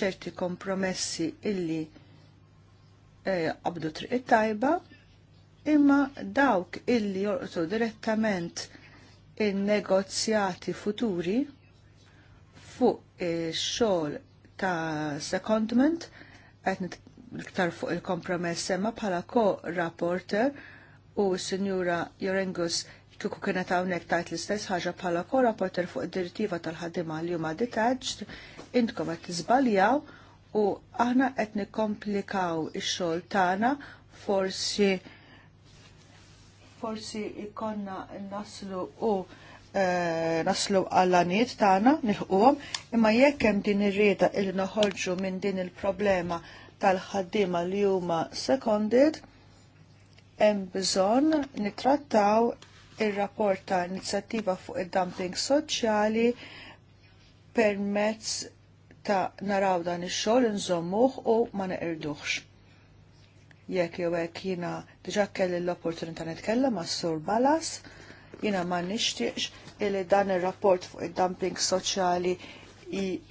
ċerti kompromessi illi eh, qabdu triq tajba imma dawk illi jorqtu direttament il-negozjati futuri fuq il-xol ta' secondment, l iktar fuq il-kompromess semma bħala ko-rapporter u s-Sinjura Jorengus kiku kienet hawnhekk tajt l-istess ħaġa bħala ko rapporter fuq id-direttiva tal-ħaddiema li huma detached, intkom qed tiżbaljaw u aħna qed nikkomplikaw ix-xogħol tagħna forsi forsi ikonna naslu u eh, naslu għall-għaniet tagħna nilħquhom, imma jekk hemm din ir-rieda il noħorġu minn din il-problema tal-ħaddiema li huma seconded, hemm bżonn nittrattaw ir-rapport ta' inizjattiva fuq id-dumping soċjali permezz ta' naraw dan ix-xogħol inżommuh u ma neqirduhx jekk jew hekk jiena diġà kelli l-opportunità nitkellem mas-sur Balas, jiena ma nixtieqx illi dan ir-rapport fuq id-dumping soċjali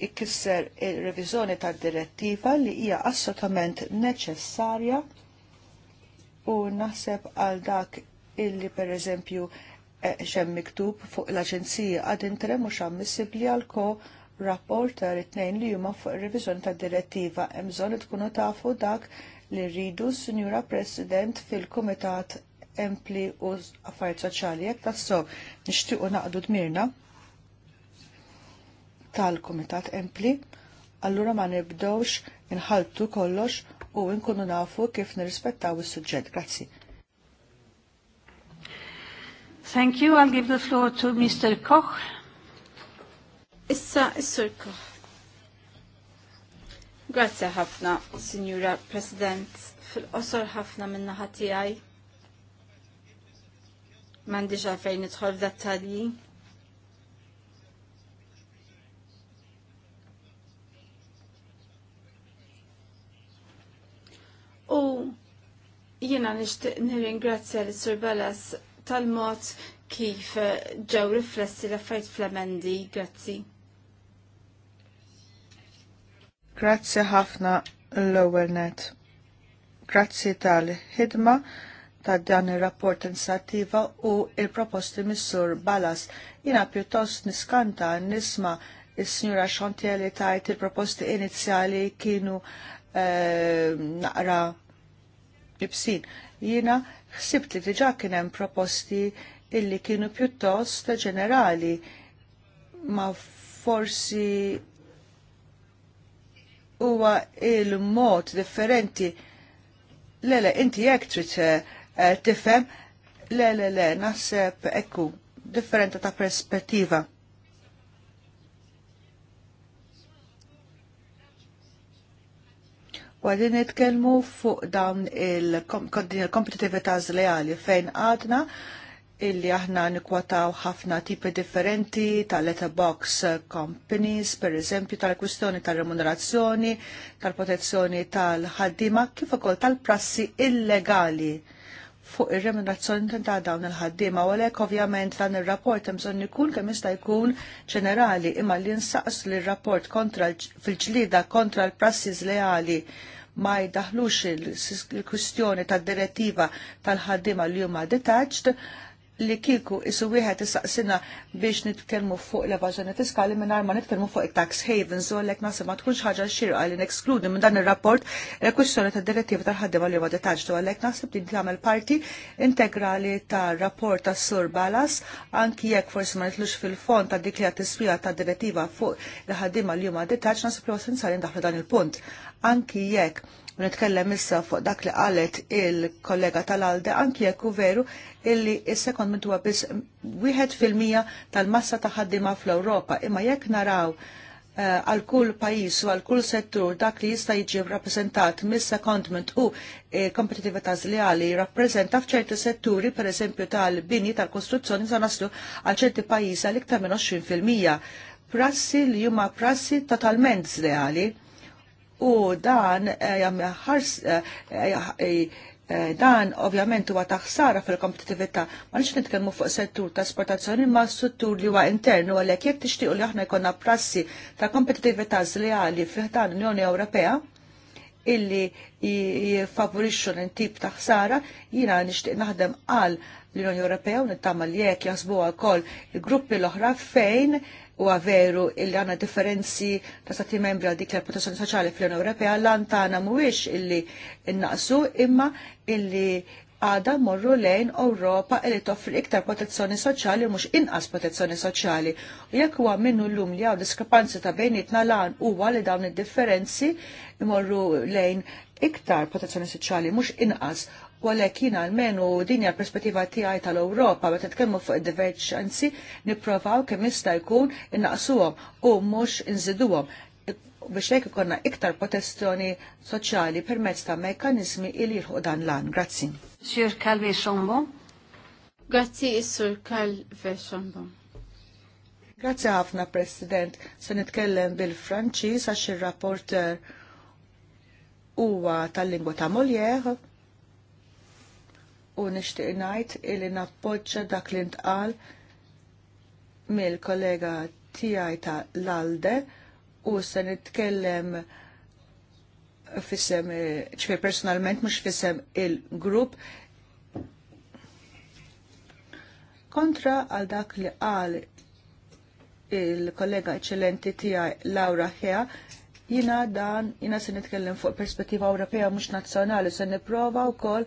ikisser ir reviżjoni tad-direttiva li hija assolutament neċessarja u naħseb għal dak illi per eżempju e, xem miktub fuq l-Aġenzija għad intrem mhux ammissibbli għal ko rapporter it-tnejn li huma fuq il-revizjoni tad-direttiva hemm bżonn tkunu tafu dak li rridu, Sinjura President, fil-Kumitat Empli u Affarijiet Soċjali, jekk tassow nixtiequ naqdu dmirna tal-Kumitat Empli, allura ma nibdewx inħaltu kollox u nkunu nafu kif nirrispettaw is-suġġett. Grazzi. Thank you. I'll give the floor to Mr. Koch. Issa, Sir Koch. Grazzi ħafna, Signora President, fil-qosor ħafna minna ħatijaj. Mandiġ għalfejn nidħol f'dattalji. U jiena nixtieq nirringrazzja l sur Balas tal-mod kif ġew riflessi l-affajt fl-emendi, grazzi. Grazzi ħafna l-ewwel net. Grazzi tal-ħidma ta' dan ir-rapport inizjattiva u il-proposti missur Balas. Jina pjuttost niskanta nisma' il sinjura Xontier li tajt il-proposti inizjali kienu eh, naqra jibsin. Jina xsibt li diġa kien hemm proposti illi kienu pjuttost ġenerali ma forsi huwa il-mod differenti. Le, le, inti jek trid eh, eh, tifhem, le, le, le, ekku, differenti ta' perspettiva. Għadin nitkellmu fuq dawn il-kompetitivita zleali fejn għadna illi aħna nikwataw ħafna tipi differenti ta' letterbox companies, per eżempju tal-kwistjoni tal-remunerazzjoni, tal-protezzjoni tal-ħaddima, kif ukoll tal-prassi illegali fuq ir-remunerazzjoni ta' dawn il-ħaddiema u għalhekk ovvjament dan ir-rapport hemm bżonn ikun kemm jista' jkun ġenerali imma li nsaqs li r-rapport kontra fil-ġlida kontra l-prassi leali ma jdaħlux il-kwistjoni tad-direttiva tal-ħaddiema li huma detached li kiku isu wieħed issaqsina biex nitkellmu fuq l-evażjoni fiskali mingħajr ma nitkellmu fuq it-tax havens u għalhekk naħseb ma tkunx ħaġa xirqa li nexkludi minn dan ir-rapport l-kwistjoni tad-direttiva tal-ħaddiema li huwa detaġġ għalhekk naħseb li tagħmel parti integrali tar-rapport tas-Sur Balas anki jekk forsi ma nitlux fil-fond ta' dik li tiswija tad-direttiva fuq il ħaddiema li huma detaġġ naħseb li huwa essenzjali ndaħlu dan il-punt. Anki jekk Unitkellem nitkellem issa fuq dak li qalet il-kollega tal-Alde anki jekk veru illi is-sekond mintu biss wieħed fil-mija tal-massa ta' ħaddima fl-Ewropa. Imma jekk naraw eh, għal kull pajis u għal kull settur dak li jista' jiġi rappresentat mis secondment u eh, kompetitività żljali jirrappreżenta f'ċerti setturi, per eżempju tal-bini tal-kostruzzjoni, sa naslu għal ċerti pajjiż għal iktar minn 20 fil-mija. Prassi li huma prassi totalment żleali u dan eh, eh, eh, dan ovvjament huwa taħsara fil-kompetitività. Ma nix nitkellmu fuq settur ta' esportazzjoni ma' settur li huwa internu għalhekk jekk tixtiequ li aħna jkollna prassi ta' kompetitività żleali fih dan l-Unjoni Ewropea illi jifavorixxu l-intip ta' ħsara, jiena nixtieq naħdem għal l-Unjoni Ewropea u nittama li jekk jasbuha wkoll il-gruppi l-oħra fejn u għaveru illi għanna differenzi ta' stati membri għal dik l-protezzjoni soċjali fl-Unjoni Ewropea lan tagħna mhuwiex illi innaqsu imma illi għada morru lejn Ewropa li toffri iktar protezzjoni soċjali mhux inqas protezzjoni soċjali. U jekk huwa minnu llum li hawn diskrepanzi ta' bejnietna lan huwa li dawn id-differenzi imorru lejn iktar protezzjoni soċjali mhux inqas U għalhekk jiena almenu dinja perspettiva tiegħi tal-Ewropa meta tkellmu fuq id-diverġenzi nipprovaw kem jista' jkun innaqsuhom u mhux inżiduhom biex hekk ikonna iktar protestjoni soċjali permezz ta' mekkaniżmi li jilħu dan lan. Grazzi. Sir Calvi Sombo. Grazzi Sir sur Calvi Grazzi ħafna, President. Se nitkellem bil franċis għax il rapporter huwa tal-lingwa ta' Molière u nixtieq ngħid illi nappoġġa dak li ntqal mill-kollega tiegħi ta' l-Alde u se nitkellem fissem ċfej personalment mhux fissem il-grupp kontra għal dak li qal il-kollega eċċellenti tiegħi Laura Hea jina dan jina se nitkellem fuq perspettiva Ewropea mhux nazzjonali se nipprova wkoll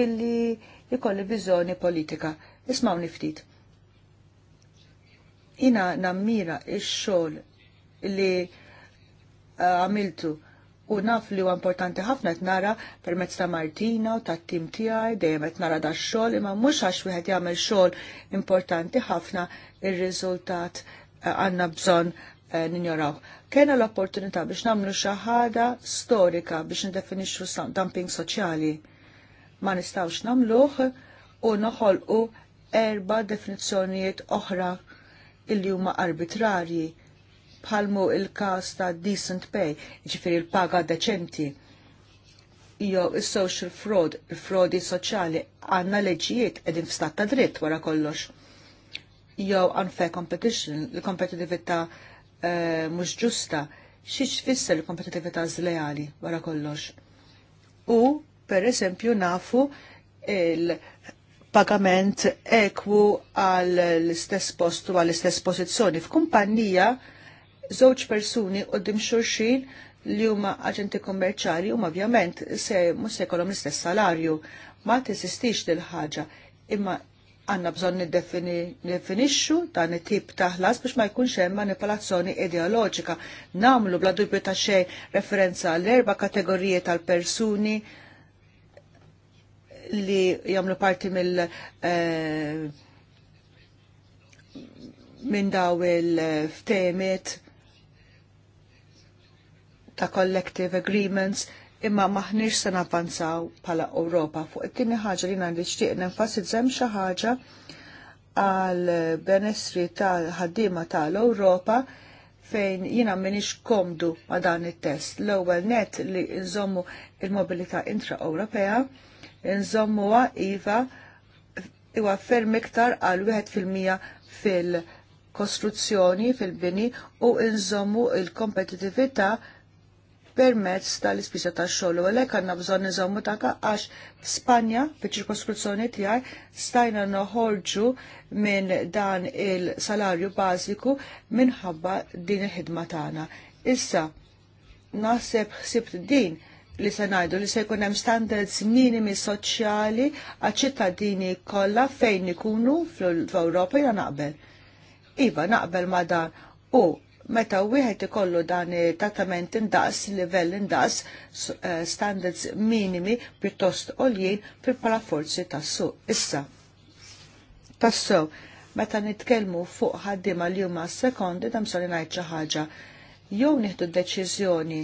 illi ikolli viżjoni politika. Ismaw niftit. Ina nammira il xogħol li eh, għamiltu u naf li huwa importanti ħafna t nara permezz ta' Martina u tat-tim tiegħi dejjem qed nara da xogħol imma mhux għax wieħed jagħmel xogħol importanti ħafna il riżultat eh, għandna bżonn eh, ninjoraw. Kena l-opportunità biex namlu xaħada storika biex nidefinixxu dumping soċjali ma nistawx namluħ u noħolqu erba definizzjonijiet oħra illi huma arbitrarji bħalmu il-kas ta' decent pay, ġifiri il-paga deċenti, jew il-social fraud, il-frodi soċjali, għanna leġijiet edin f'stat ta' dritt wara kollox. Jew unfair competition, il-kompetitività uh, mhux ġusta, xiex fisser il-kompetitività zleali wara kollox. U Per esempio nafu il-pagament ekwu għal l-istess postu għal l-istess pożizzjoni. F'kumpanija, żewġ persuni u dimxurxin li huma aġenti kommerċali huma ovvjament se mhux se jkollhom l-istess salarju. Ma tesistix dil ħaġa imma għanna bżon niddefinixxu dan it-tip ta' ħlas biex ma jkunx hemm manipolazzjoni ideoloġika. Namlu bla dubju ta' xejn referenza għall erba' kategorije tal-persuni li jagħmlu parti mill eh, minn daw il ftemet ta' collective agreements imma maħniġ se navanzaw pala Ewropa. Fuq it-tieni ħaġa li għandi xtieq nenfasizzem xi ħaġa għal benessri tal-ħaddiema tal-Ewropa fejn jina minix komdu ma dan it-test. L-ewwel net li nżommu il-mobilità intra-Ewropea nżommuha iva iwa ferm iktar għal 1% fil-kostruzzjoni, fil-bini u nżommu il-kompetitività permezz tal-ispisa ta' xogħol u għanna għandna bżonn nżommu taka għax Spanja fiċ-ċirkostruzzjoni tiegħi stajna noħorġu minn dan il-salarju bażiku minħabba din il-ħidma tagħna. Issa naħseb ħsibt din li se ngħidu li se jkun hemm standards minimi soċjali għaċ-ċittadini kollha fejn ikunu fl-Ewropa jew naqbel. Iva naqbel ma dan u meta wieħed ikollu dan trattament indaqs, livell indaqs, eh, standards minimi pjuttost għoljien fil palaforzi forzi tassu. Issa, tassu, meta nitkellmu fuq ħaddiema li huma sekondi dam soli ngħid xi ħaġa. Jew nieħdu deċiżjoni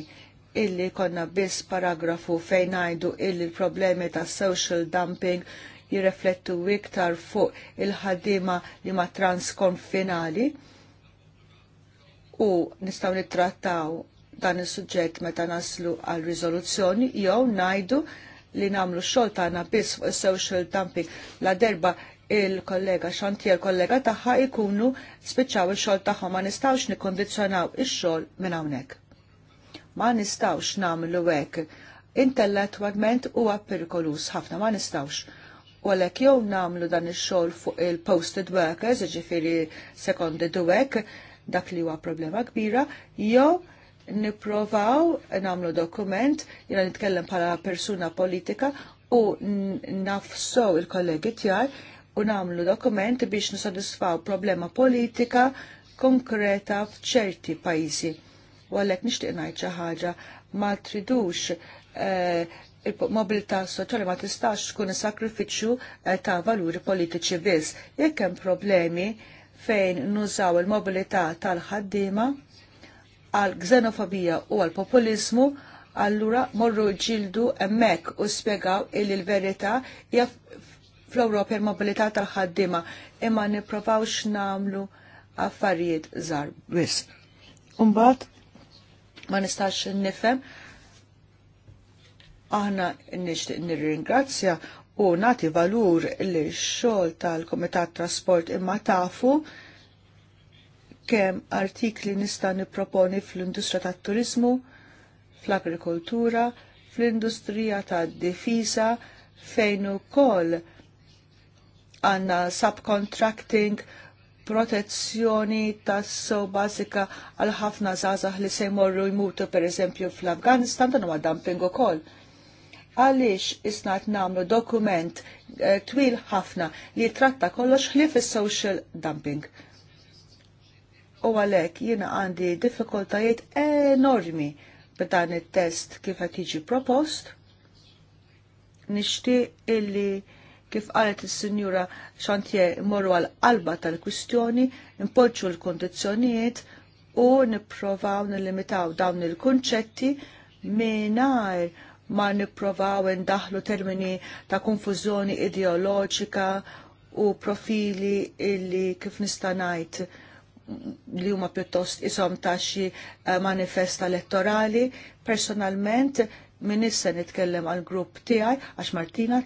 illi konna biss paragrafu fejn ngħidu illi l-problemi ta' social dumping jirreflettu iktar fuq il-ħadima li ma transkonfinali u nistaw nittrattaw dan is-suġġett meta naslu għal rizoluzzjoni jew ngħidu li namlu xogħol tagħna biss fuq is-social dumping la derba il-kollega xantier kollega tagħha ikunu spiċċaw il xogħol tagħhom ma nistgħux nikkondizzjonaw ix-xogħol minn hawnhekk. Ma nistawx namlu hekk. Intellettwalment huwa perikolus ħafna ma nistawx. U għalhekk jew namlu dan ix-xogħol fuq il-posted workers, ġifiri sekondi duwek, dak li huwa problema kbira, jew niprovaw namlu dokument, jina nitkellem pala persuna politika u nafsow il-kollegi tjar u namlu dokument biex nisodisfaw problema politika konkreta f'ċerti pajjiżi u għalhekk nixtieq ngħid xi ħaġa ma tridux eh, il-mobilità soċjali ma tistax tkun sakrifiċċju eh, ta' valuri politiċi biss. Jekk hemm problemi fejn nużaw il-mobilità tal-ħaddiema għal xenofobija u għal populizmu, allura morru ġildu emmek u spiegaw il l-verità hija fl-Ewropa l-mobilità tal-ħaddima imma nipprovawx namlu affarijiet żgħar biss. Umbagħad ma nistax nifem. aħna nixtieq nirringrazzja u nati valur li xogħol tal-Komitat Trasport imma tafu kemm artikli nista' nipproponi fl-industrija tat-turizmu, fl-agrikoltura, fl-industrija tad-difisa fejn ukoll għanna subcontracting protezzjoni tas so basika għal ħafna zazah li se jmorru jmutu per eżempju fl-Afganistan dan huwa dumping ukoll. Għaliex isnat namlu dokument eh, twil ħafna li tratta kollox ħlif is-social dumping. U għalhekk jiena għandi diffikultajiet enormi b'dan it-test kif qed jiġi propost. Nixtieq illi kif qalet il-Sinjura Xantier morru għal-qalba tal-kwistjoni, impoġġu l kondizjoniet u nipprovaw limitaw dawn il-kunċetti minnaj ma nipprovaw ndaħlu termini ta' konfużjoni ideoloġika u profili illi kif nista' ngħid li huma pjuttost isom ta' xi eh, manifest elettorali. Personalment min issa nitkellem għal grupp tiegħi għax Martina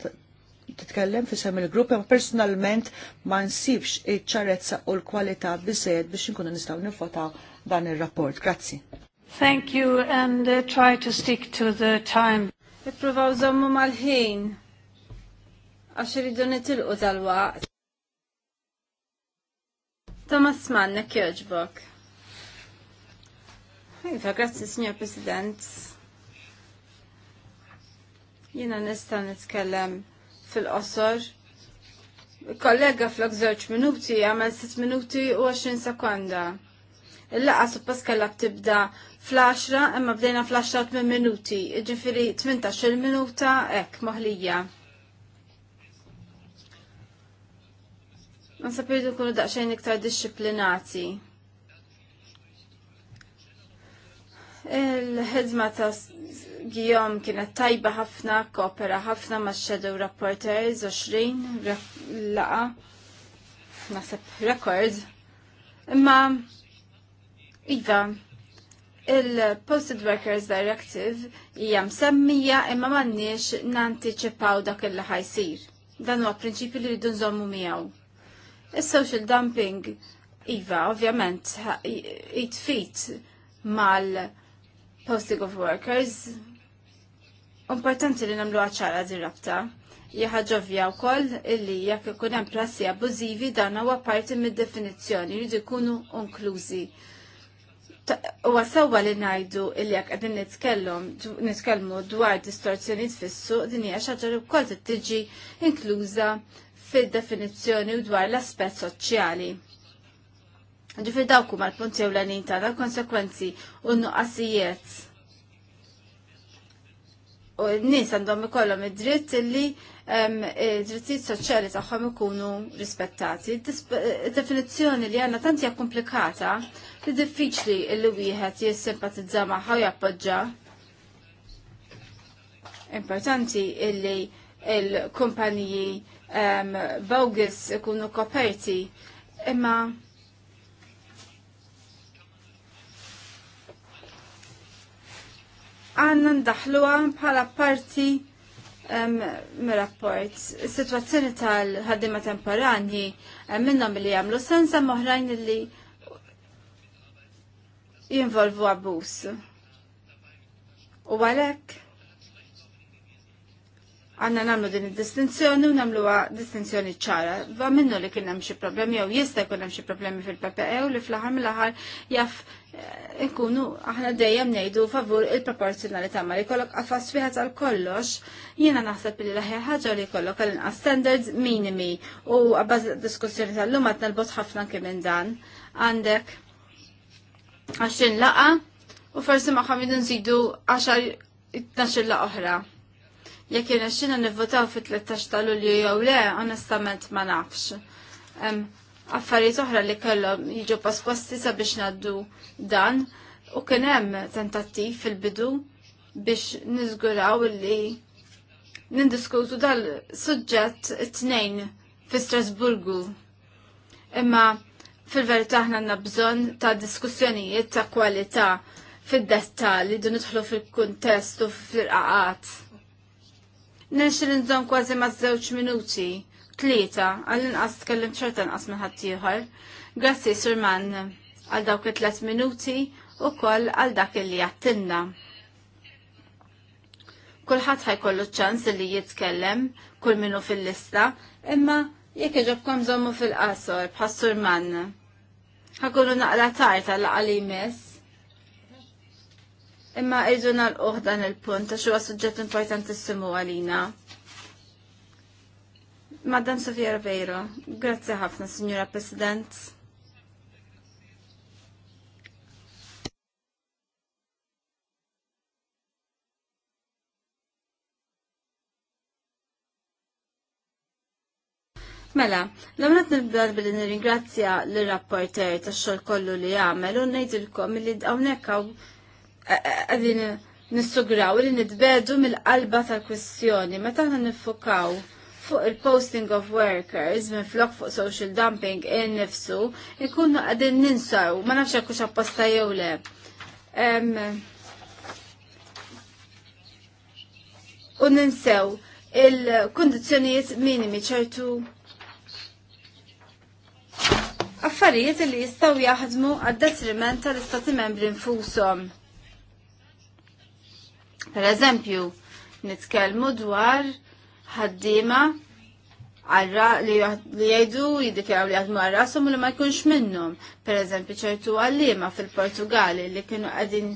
titkellem fisem il-grupp, ma personalment ma nsibx iċ-ċarezza u l-kwalità biżejjed biex inkunu nistgħu nifotaw dan ir-rapport. Grazzi. Thank you and uh, try to stick to the time. Ippruvaw żommu mal-ħin għax iridu nitilqu dal waqt Thomas Mann, nek joġbok. Iva, grazzi, signor President. Jina nista nitkellem fil-qosor. Kollega flok żewġ minuti għamel 6 minuti u 20 sekonda. il laqqa suppas kalla tibda fl-10 imma bdejna fl-10 8 minuti, ġifiri 18 minuta ek, moħlija. Nasab jridu kunu daqsxejn iktar disciplinati. Il-ħidma ta' Gijom kienet tajba ħafna, kopera ħafna ma' Shadow Reporters 20 laqa nasib rekord. Imma Iva, il-Posted Workers Directive hija msemmija imma m'għandniex nantiċipaw dak il ħajsir. Dan huwa prinċipju li rridu nżommu miegħu. Is-social dumping Iva, ovvjament, it-fit mal- posting of workers Importanti li namlu għacħara di rabta. Jaħħaġ ovvja wkoll illi jekk ikun hemm prassi abbużivi dan huwa parti mid-definizzjoni jridu jkunu inklużi. Huwa sewwa li ngħidu illi jekk qegħdin nitkellem nitkellmu dwar distorzjonijiet fis-suq din hija xi ħaġa wkoll tiġi inkluża fid-definizzjoni u dwar l-aspett soċjali. Ġifir dawk huma l-punti ewlenin tagħna konsekwenzi u nuqqasijiet u n-nis għandhom ikollhom id-dritt li id-drittijiet soċjali tagħhom ikunu rispettati. Id-definizzjoni li għandna tant hija komplikata li diffiċli li wieħed jissimpatizza magħha u jappoġġa. Importanti illi il-kumpaniji bogus ikunu koperti imma għanna ndaħluha bħala parti mir-rapport. Is-sitwazzjoni tal-ħaddima temporani minnhom li jagħmlu sensa moħrajn li jinvolvu abbuż. U għalhekk għanna namlu din id-distinzjoni u għa distinzjoni ċara. Va minnu li kien hemm xi problemi jew jista' jkun hemm xi problemi fil-PPE u li fl ħam l-ħar jaff nkunu eh, aħna dejjem ngħidu favur il-proporzjonalità ma li jkollok għafas wieħed għal kollox, jiena naħseb li l-aħjar ħaġa li jkollok għal standards minimi u għabbaż diskussjoni tal-lum l-bot ħafna kien minn dan. Għandek 20 laqa u forsi ma' ħamidu nżidu 10 12 laqa oħra jekk xina nivvotaw fit-13 ta' Lulju jew le, onestament ma nafx. Affarijiet oħra li kellhom jiġu pasposti sabiex ngħaddu dan u kien hemm tentattiv fil-bidu biex niżguraw li nindiskutu dal-suġġett it-tnejn fi Strasburgu. Imma fil-verità aħna għandna bżonn ta' diskussjonijiet ta' kwalità fid-dettali, dun nidħlu fil-kuntest u fil-qaqat. Nilxil nżom kważi ma' żewġ minuti, tlieta, għall-inqas tkellim ċerta nqas minn ħaddieħor. Grazzi Surman għal dawk it minuti u koll għal dak li jattinna. Kulħadd ħajkollu ċans li jitkellem kull minnu fil-lista, imma jekk iġobkom żommu fil-qasor bħas Surman. Ħakunu naqla tard l-għalimis, Imma irridu l dan il-punt għax huwa suġġett importantissimu għalina. Madam Sofia Ribeiro, grazzi ħafna, Signora President. Mela, l-għamrat nibda billi nirringrazzja l-rapporter ta' xol kollu li għamel u nejdilkom li għawnek għaw għadin nissugraw li nitbedu mill-qalba tal-kwestjoni. Meta ħan nifukaw fuq il-posting of workers minn flok fuq social dumping e nifsu, ikunu għadin ninsaw, ma nafx kux apposta jew le. U ninsaw il-kondizjonijiet minimi ċertu affarijiet li jistaw jaħdmu għad-detriment tal-istati membri nfusom. Per eżempju, nitkellmu dwar ħaddiema li jgħidu jiddikjaraw li għadmu għarrasom li ma jkunx minnum. Per eżempju, ċertu għallima fil-Portugali li kienu għadin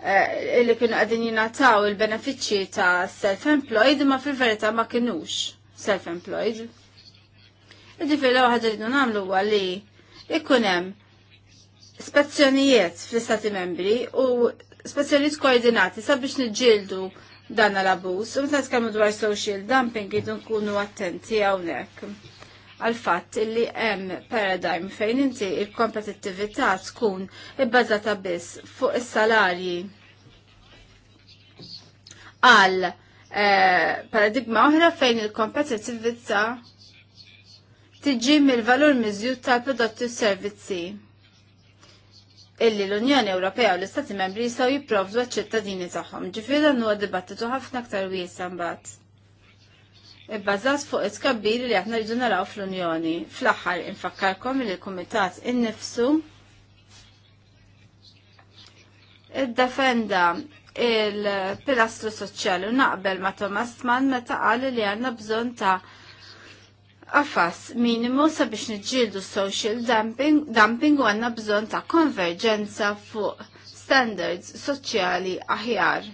eh, li kienu għadin jinataw il-benefiċċji ta' self-employed ma fil-verità ma kienux self-employed. Ġifiri l-għu ħadridu namlu għalli ikunem spazzjonijiet fl-istati membri u spazzjonijiet koordinati sabiex nġildu dan l-abus. U meta tkellmu dwar social dumping id nkunu attenti hawnhekk għal-fatt illi hemm paradigm fejn inti il-kompetittività tkun ibbażata biss fuq is-salarji għal eh, paradigma oħra fejn il-kompetittività tiġi mill-valur miżjud tal-prodotti u servizzi illi l-Unjoni Ewropea u l-Istati Membri jistgħu jipprovdu għaċ-ċittadini tagħhom. Ġifieri dan huwa dibattitu ħafna aktar wiesa mbagħad. Ibbażat fuq it-kabbir li aħna rridu naraw fl-Unjoni. Fl-aħħar infakkarkom li l-Kumitat innifsu id-defenda il-pilastru soċjali u naqbel ma' Thomas Mann meta qal li għandna bżonn ta' qafas minimu sabiex niġġieldu social dumping, dumping għanna bżon ta' konverġenza fuq standards soċjali aħjar.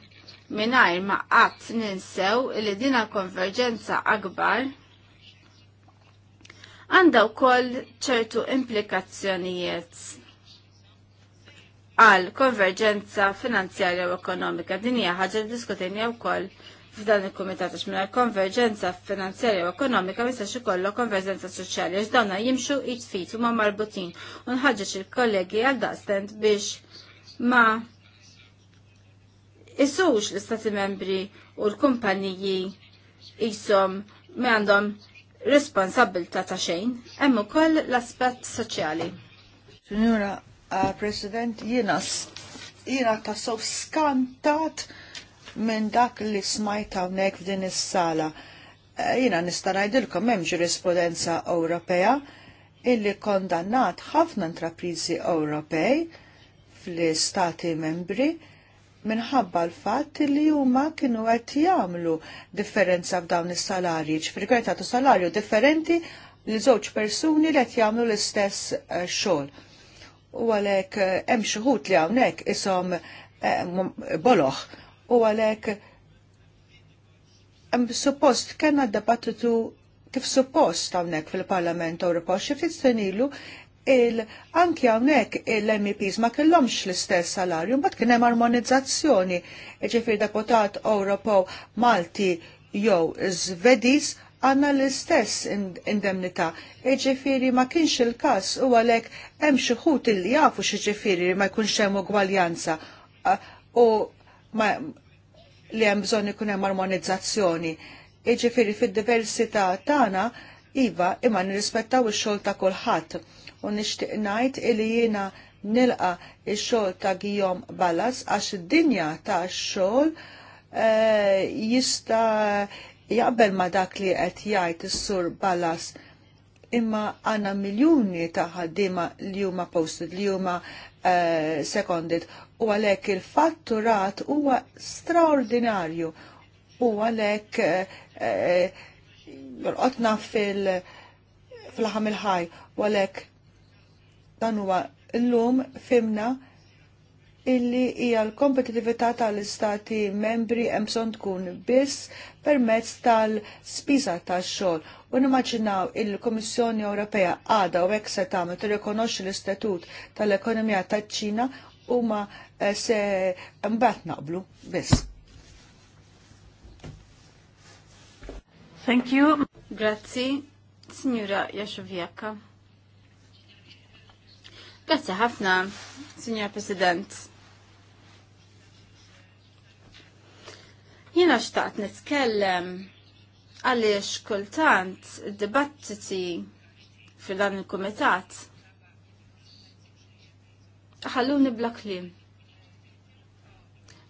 Minajr ma' qatt ninsew li dina konverġenza akbar għanda wkoll ċertu implikazzjonijiet għal konverġenza finanzjarja u ekonomika. Din hija ħaġa u wkoll f'dan il-Kumitat għax mingħajr konverġenza finanzjarja u ekonomika ma jistax ikollok konverġenza soċjali għax dawna jimxu jitfit huma marbutin u nħaġġeġ il-kollegi għal daqstent biex ma isux l-istati membri u l-kumpaniji jisom me għandhom responsabilta ta' xejn, hemm ukoll l-aspett soċjali. Signora, uh, President, jiena jiena ta' sof skantat minn dak li smajt hawnhekk f'din is-sala. Eh, jiena nista' ngħidilkom hemm ġurisprudenza Ewropea illi kondannat ħafna intrapriżi Ewropej fl-istati membri minħabba l-fatt li huma kienu qed jagħmlu differenza f'dawn is-salarji, ġifieri kien salarju differenti li żewġ persuni li qed jagħmlu l-istess eh, xogħol. U għalhekk eh, hemm xi li hawnhekk ishom boloħ u għalek suppost kena debattitu kif suppost għawnek fil-Parlament Ewropew xi ftit il anki għawnek il-MEPs ma kellhomx l-istess salarju, mbagħad kien hemm armonizzazzjoni, ġifier deputat Ewropew Malti jew Zvedis għanna l-istess indemnità. Iġifiri ma kienx il-kas u għalek hemm xi ħut illi jafu xieġifiri ma jkunx hemm ugwaljanza. U ma li hemm bżonn ikun hemm armonizzazzjoni. Jiġifieri fid-diversità tagħna iva imma nirrispettaw ix-xogħol ta' kulħadd u nixtieq ngħid li jiena nilqa ix-xogħol ta' Gijom Balas għax id-dinja ta' x-xogħol eh, jista' jaqbel ma' dak li qed jgħid is-sur Balas imma għanna miljoni ta' ħaddima li huma posted, li huma uh, seconded u għalhekk il-fatturat huwa straordinarju u għalhekk eh, eh, jorqotna fil fl-ħam il-ħaj u għalhekk dan huwa llum fimna illi hija l-kompetitività tal-istati membri hemm bżonn tkun biss permezz tal-spiża tax-xogħol u nimmaġinaw il-Kummissjoni Ewropea għada u hekk se tagħmel tirrikonoxxi l-Istatut tal-Ekonomija taċ-Ċina huma eh, se mbagħad naqblu biss. Thank you. Grazie, signora Jaxovjaka. Grazzi ħafna, signor President. Jina xtaqt nitkellem għaliex kultant id-dibattiti fil-dan il-komitat ħalluni bla klim.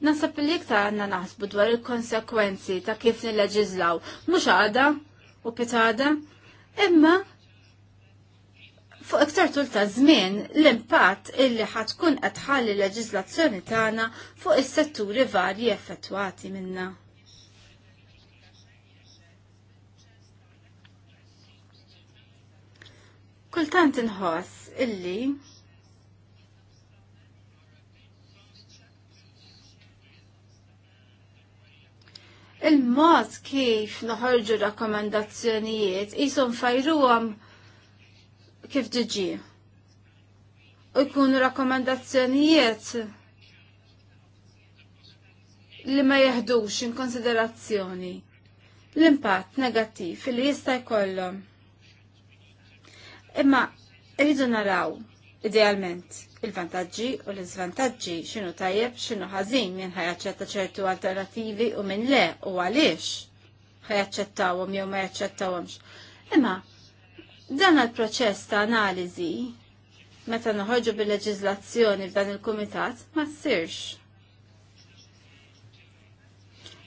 Nasab li iktar għanna naħsbu dwar il-konsekwenzi ta' kif nil-leġizlaw, mux għada u pitada, imma fuq iktar tul ta' żmien l-impatt illi ħatkun qed ħalli l-leġizlazzjoni tagħna fuq is-setturi varji effettwati minna. Kultant inħoss illi il-mod kif noħorġu rakkomandazzjonijiet fajru fajruhom kif diġi. U jkunu rakkomandazzjonijiet li ma jeħdux in konsiderazzjoni l-impatt negattiv li jista' jkollhom. Imma rridu naraw idealment il-vantaġġi u l-iżvantaġġi, xinu tajjeb, xinu ħażin minn ħajaċċetta ċertu alternativi u minn le u għaliex ħajaċċettawhom jew ma jaċċettawhomx. Imma dan il-proċess ta' analiżi meta noħorġu bil-leġiżlazzjoni f'dan il-kumitat ma ssirx.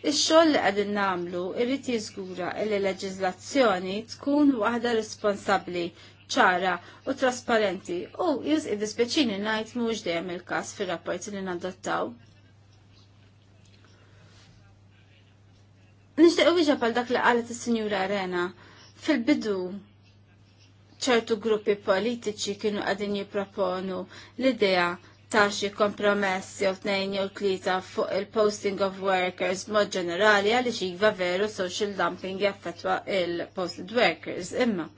Ix-xogħol li qegħdin nagħmlu irrid jiżgura li l leġiżlazzjoni tkun waħda responsabbli ċara u trasparenti u już id-dispeċini najt mux dejjem il-kas fil-rapporti li nadattaw. Nishtiq uwiġa pal dak li qalet is-Sinjura Arena fil-bidu ċertu gruppi politiċi kienu għadin jiproponu l-idea ta' xi kompromess jew tnejn jew tlieta fuq il-posting of workers mod ġenerali għaliex iva veru social dumping jaffettwa il-posted workers imma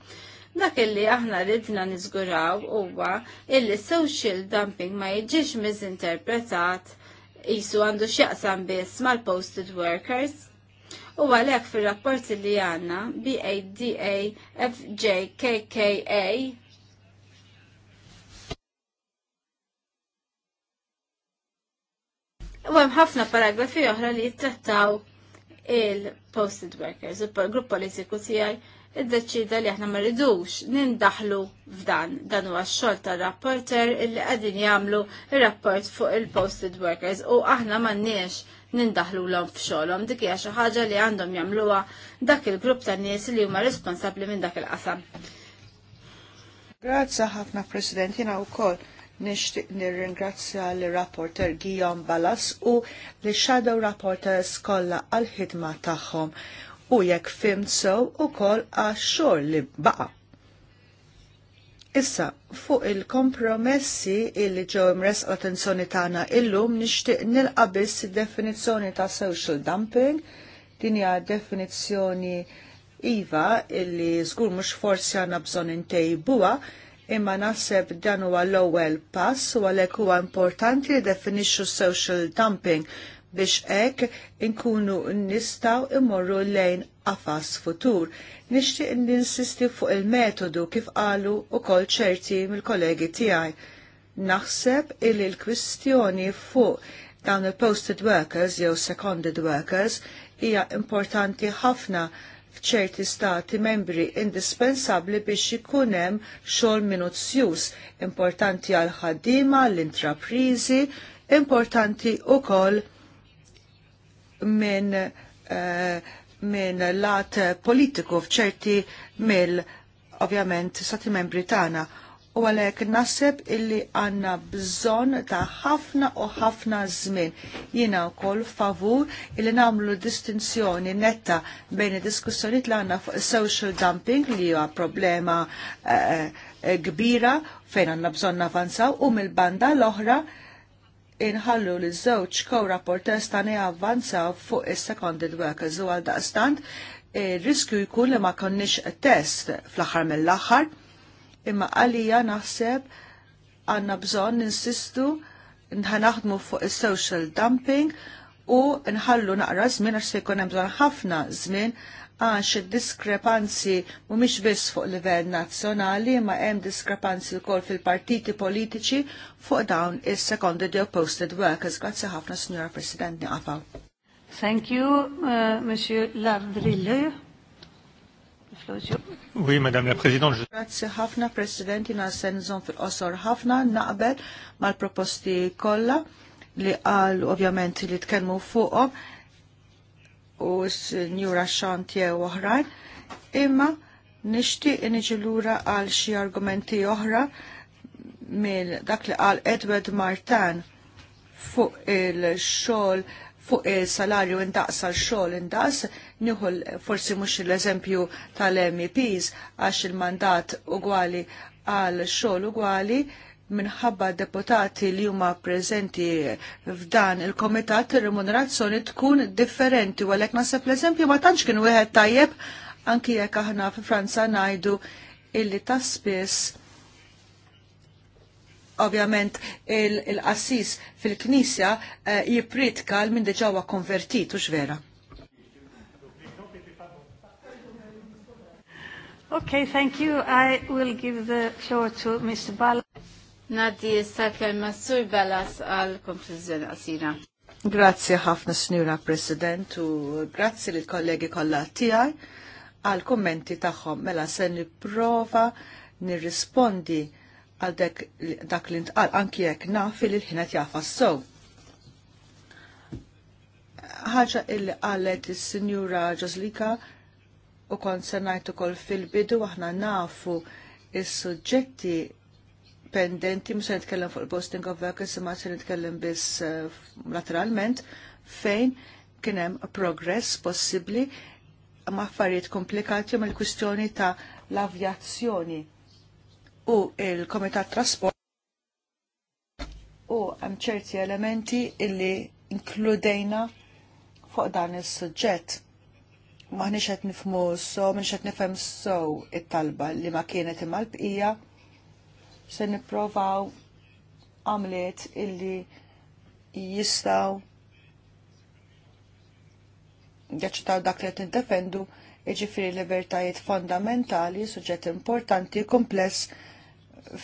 Dak illi aħna ridna niżguraw huwa illi social dumping ma jiġix miżinterpretat jisu għandu x'jaqsam biss mal-posted workers. U għalhekk fir-rapport li għandna BADA FJKKA U hemm ħafna paragrafi oħra li jittrattaw il-posted workers, il-grupp politiku tiegħi iddeċida li aħna ma rridux nindaħlu f'dan dan huwa x-xogħol tar-rapporter illi qegħdin jagħmlu r rapport fuq il-posted workers u aħna m'għandniex nindaħlu l f'xogħolhom dik hija xi ħaġa li għandhom jagħmluha dak il-grupp ta' nies li huma responsabbli minn dak il-qasam. Grazzi ħafna President, Jiena u nixtieq nishtiq nirringrazzja l rapporter Guillaume Balas u l shadow rapporters kollha għal-ħidma tagħhom u jekk fimt sew ukoll kol għaxxor li baqa'. Issa, fuq il-kompromessi illi ġew imres attenzjoni tagħna illum nixtieq nilqa biss definizzjoni ta' social dumping, din hija definizzjoni iva illi żgur mhux forsi għandna bżonn intejbuha, imma naħseb dan huwa l-ewwel pass u għalhekk huwa importanti li definixxu social dumping biex ek inkunu nistaw immorru lejn għafas futur. Nixtieq ninsisti fuq il-metodu kif qalu u kol ċerti mill-kollegi tiegħi. Naħseb il l-kwistjoni fuq dawn il-posted workers jew seconded workers hija importanti ħafna f'ċerti stati membri indispensabbli biex ikun hemm xogħol importanti għal ħaddima l-intraprizi, importanti wkoll minn eh, min lat politiku fċerti mill ovvjament sati membri tagħna u għalek nasib illi għanna bżon ta' ħafna u ħafna żmien. Jina u favur illi namlu distinzjoni netta bejn diskussjoniet li għanna fuq social dumping li huwa problema eh, eh, kbira fejn għanna bżon navanzaw u mill-banda l-oħra inħallu li żewġ kow rapporters tani avvanzaw fuq is-seconded workers u għal daqstant riskju jkun li ma konniex test fl-aħħar mill-aħħar imma għalija naħseb għanna bżon ninsistu nħanaħdmu fuq is-social dumping u nħallu naqra żmien għax se jkun hemm bżonn ħafna żmien għax diskrepanzi u mhumiex biss fuq livell nazzjonali ma hemm diskrepanzi kol fil-partiti politiċi fuq dawn is sekondi or posted workers. Grazie ħafna, Signora President, niqafaw. Thank you, uh, Monsieur Lardrille. Oui, Madame la Présidente. Je... Grazie ħafna, President, jina senżon fil-qosor ħafna, naqbel mal-proposti kollha li għal ovvjament li tkellmu fuqhom u s-Njura Xantje u oħrajn, imma nishti niġi lura għal xi argumenti oħra minn dak li qal Edward Martan fuq il-xogħol fuq il-salarju indaqsa għal xogħol indaqs, njuhul forsi mhux l-eżempju tal-MEPs għax il-mandat ugwali għal xogħol ugwali, minħabba deputati li huma prezenti f'dan il-komitat ir-remunerazzjoni tkun differenti u għalek nasib l-eżempju ma tantx kien wieħed tajjeb anki jekk aħna fi Franza ngħidu illi ta' spiss ovvjament il-qassis il qassis fil knisja eh, jipritka l-min deġawa konvertit u xvera. Okay, thank you. I will give the floor to Mr. Bal. Nadi Sakel Massur Balas Belas għal konklużjoni qasira. Grazzi ħafna Snura President u grazzi li kollegi kollha tiegħi għal kommenti tagħhom mela se nipprova nirrispondi għal dak li ntqal anki jekk naf li ħin qed jafa s-sow. Ħaġa illi qalet is-Sinjura Ġoslika u kont se ngħid ukoll fil-bidu aħna nafu is-suġġetti pendenti, mux nitkellem fuq il-posting of workers, imma se nitkellem biss eh, lateralment, fejn kienem progress possibli ma' affarijiet komplikati ma' l-kwistjoni ta' l-avjazzjoni u il-Komitat Trasport u hemm ċerti elementi illi inkludejna fuq dan is-suġġett maħniċ għet nifmu so, minix għet nifem so it-talba li ma kienet imma l-bqija se nipprovaw għamlet illi jistaw jaċċitaw dak li tindefendu iġifiri libertajiet fondamentali, suġġett importanti, kompless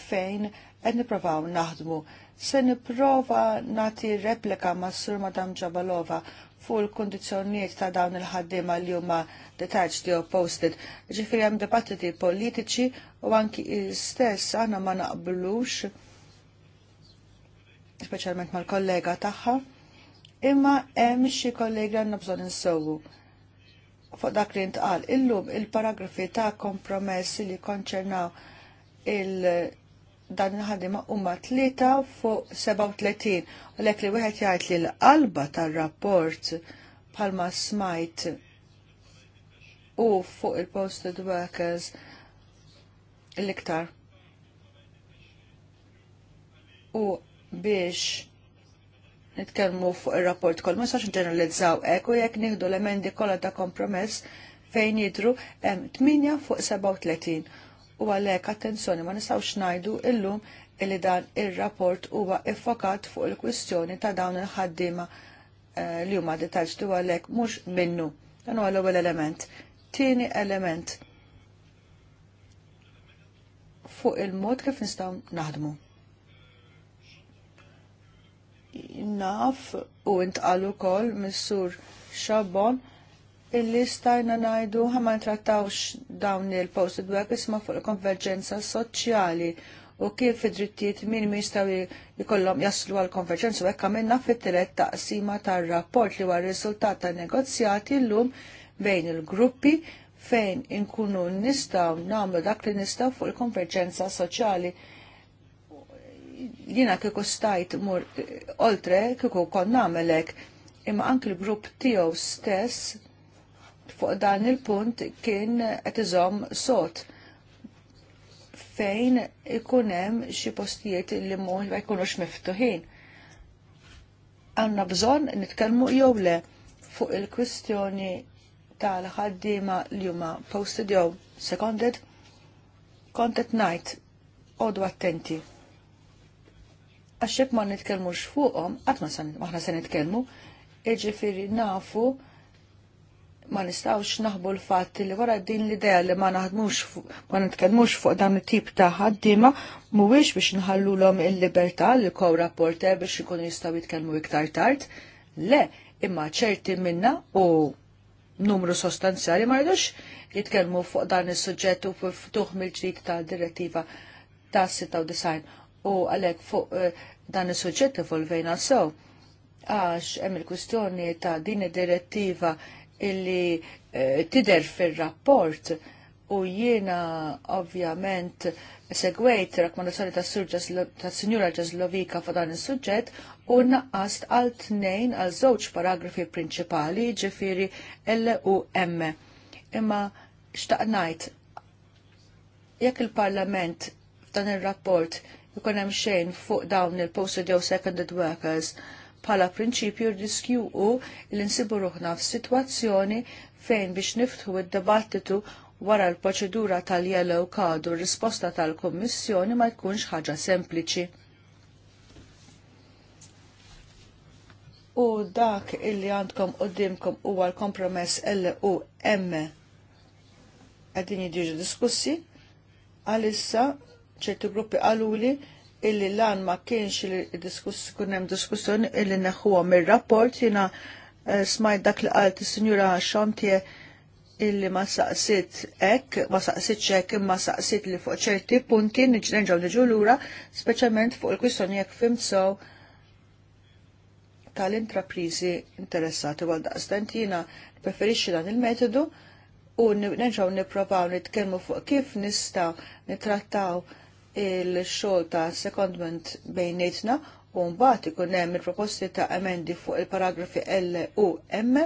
fejn qed nipprovaw naħdmu. Se nipprova nati replika ma' Sur Madam Ġabalova fuq il kondizjoniet ta' dawn il-ħaddiema li huma detached jew posted. Ġifieri hemm dibattiti politiċi u anki stess aħna ma naqblux speċjalment mal-kollega tagħha, imma hemm xi kollegi għandna bżonn insewwu. Fuq dak li ntqal illum il-paragrafi ta' kompromessi li konċernaw il- dan il-ħadima umma tlita fuq 37 u lek li wieħed jgħid li l-qalba tar-rapport bħalma smajt u fuq il-posted workers l-iktar. U biex nitkellmu fuq ir-rapport kol ma sax ġeneralizzaw hekk u jekk nieħdu l-emendi kollha ta' kompromess fejn jidru hemm 8 fuq 37 u għalhekk attenzjoni ma nistgħux ngħidu illum illi dan ir-rapport huwa iffokat fuq il-kwistjoni ta' dawn il-ħaddiema eh, li huma detaġġi għalhekk mhux minnu. Dan huwa l-ewwel element. Tieni element fuq il-mod kif nistgħu naħdmu. Naf u intqalu kol mis-sur Xabon illi stajna najdu ma trattawx dawn il-posted workers ma fuq il-konverġenza soċjali u kif id-drittijiet min jistaw jkollhom jaslu għal konverġenza u hekk għamilna fit-tielet taqsima tar-rapport li huwa r-riżultat ta' negozjati llum bejn il-gruppi fejn inkunu nistaw namlu dak li nistaw fuq il-konverġenza soċjali jina kiku stajt mur oltre kiku kon namelek imma anki l-grupp tiegħu stess fuq dan il-punt kien qed iżomm sot fejn ikun hemm xi postijiet li mhux ma jkunux miftuħin. Għandna bżonn nitkellmu jew le fuq il-kwistjoni tal-ħaddiema li huma posted jew seconded kont qed ngħid għodu attenti. Għaxek ma nitkellmux fuqhom, qatt ma se nitkellmu, jiġifieri nafu ma nistawx naħbu l-fatt li wara din l-idea li ma naħdmux ma nitkellmux fuq dan it-tip ta' ħaddiema mhuwiex biex nħallulhom il-libertà li kow rapporter biex ikunu jistgħu jitkellmu iktar tard. Le, imma ċerti minna u numru sostanzjali ma rridux jitkellmu fuq dan is-suġġett u ftuħ mill-ġdid tad direttiva ta' design u għalhekk fuq eh, dan is-suġġett evolvejna sew għax hemm il-kwistjoni ta' din id-direttiva illi eh, tider fil-rapport u jiena ovvjament segwejt rakkomandazzjoni ta' surġa ta' sinjura Ġazlovika fa' dan is-suġġett u naqqast għal tnejn għal żewġ paragrafi prinċipali ġifiri L u M. Imma xtaqnajt jekk il-Parlament f'dan ir-rapport il jkun hemm xejn fuq dawn il-posted jew seconded workers bħala prinċipju riskju u l-insibu ruħna f'sitwazzjoni fejn biex niftħu id-dibattitu wara l-proċedura tal-yellow card u risposta tal-Kommissjoni ma jkunx ħaġa sempliċi. U dak illi għandkom dimkom huwa l-kompromess L u M għedin jidġiġu diskussi għalissa ċertu gruppi għaluli illi lan ma kienx li diskuss kunem diskussjoni illi neħuwa mir-rapport jina eh, smajt dak li għalt il-Sinjura Xantie illi ma saqsit ek, ma saqsit ċek, ma saqsit li fuq ċerti punti nġenġaw li ġulura, ura specialment fuq il-kwistjoni jek fimsow tal-intraprizi interessati għal daqstant jina preferisċi dan il-metodu u nerġaw niprofaw nitkelmu fuq kif nistaw nitrattaw il-xogħol ta' secondment bejnietna u mbagħad ikun hemm il-proposti ta' emendi fuq il-paragrafi L u M,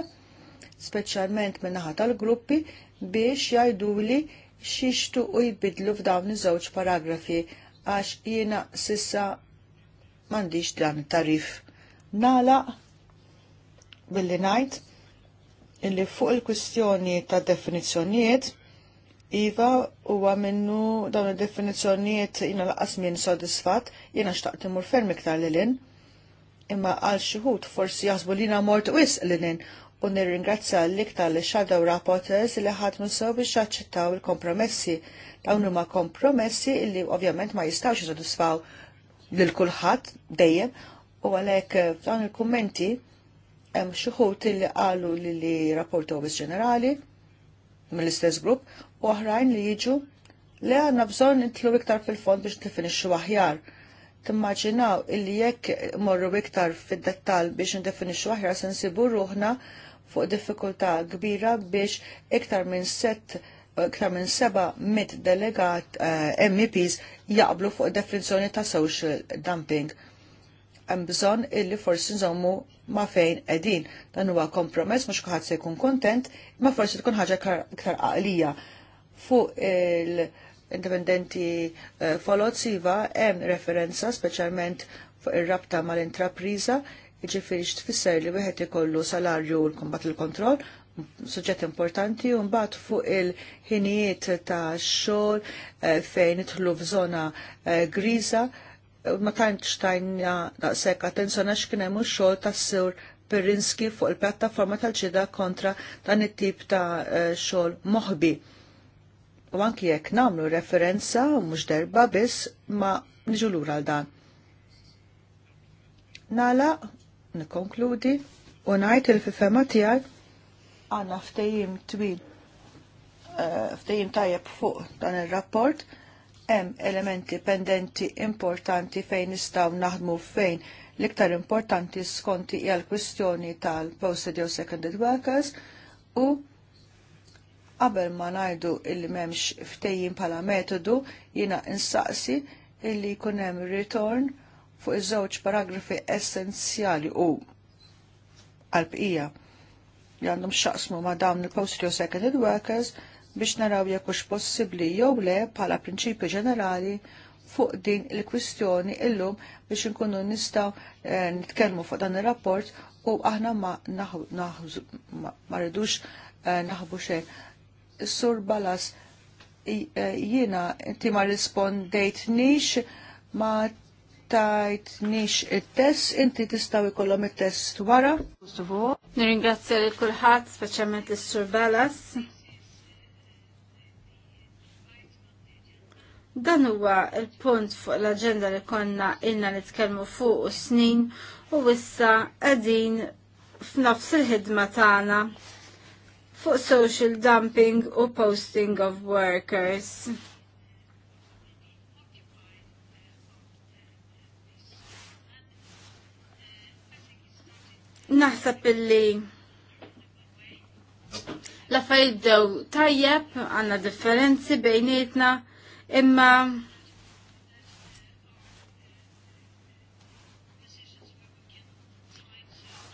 speċjalment minn naħa tal-gruppi biex jgħiduli xiextu u jbidlu f'dawn iż-żewġ paragrafi għax jiena sissa m'għandix dan tarif. Nala billi ngħid illi fuq il-kwistjoni ta' definizzjonijiet Iva huwa minnu dawn id-definizzjonijiet jiena laqas min sodisfatt, jiena xtaqt imur ferm iktar lilin. Imma għal xi ħud forsi jasbu li mort wis lilin u nirringrazzja l-iktar li shadow rapporters li ħadmu sew biex jaċċettaw il-kompromessi. Dawn huma kompromessi li ovvjament ma jistawx jisodisfaw lil kulħadd dejjem u għalhekk eh, f'dawn il-kummenti hemm xi ħud li qalu li rapportu ġenerali mill-istess grupp oħrajn li jiġu li għanna bżon intlu iktar fil-fond biex nifinixxu aħjar. Timmaġinaw illi jekk morru iktar fid-dettal biex nifinixxu aħjar se nsibu ruħna fuq diffikultà kbira biex iktar minn set iktar minn seba mit delegat uh, eh, MEPs jaqblu fuq definizjoni ta' social dumping. Hemm bżonn illi forsi nżommu ma' fejn qegħdin. Dan huwa kompromess mhux kulħadd se jkun kontent, ma forsi tkun ħaġa iktar għalija. Kar Fuq il-indipendenti uh, folozziva hemm referenza speċjalment fuq ir-rabta mal-intrapriża jiġifieri tfisser li wieħed ikollu salarju l kumbat il-kontroll, suġġett importanti, u mbagħad fuq il-ħinijiet ta' xogħol eh, fejn idħlu f'żona eh, griża, ma tantx tajna daqshekk attenzjoni għax kien hemm ix-xogħol tas-sur Perinski fuq il-pjattaforma tal-ċida kontra dan it-tip ta' xogħol moħbi u anki jekk namlu referenza u mhux derba biss ma niġu lura għal dan. Nala, nikonkludi, u ngħid il-fifema tiegħek għandna ftejim twil eh, ftejim tajjeb fuq dan ir-rapport hemm elementi pendenti importanti fejn nistgħu naħdmu fejn l-iktar importanti skonti hija l-kwistjoni tal-posted jew seconded workers u Qabel ma ngħidu illi memx ftejjin bħala metodu, jiena insaqsi illi jkun hemm return fuq iż-żewġ paragrafi essenzjali u għalbqija li għandhom xaqsmu ma' dawn il-posterior seconded workers biex naraw jekk hux possibbli jew le bħala prinċipju ġenerali fuq din il-kwistjoni illum biex nkunu nistaw eh, nitkellmu fuq dan ir-rapport u aħna ma, ma, ma eh, naħbu xejn. Sur Balas, e, jiena inti ma rispondejt nix ma tajt nix il tess inti tistaw ikollom il-test wara. Nirringrazzja li kulħadd, speċjalment l-Sur Balas. Dan huwa il-punt fuq l-aġenda li konna ilna nitkellmu fuq u snin u issa qegħdin f'nofs il-ħidma tagħna fuq social dumping u posting of workers. Naħseb illi la fajdew tajjeb għanna differenzi bejnietna imma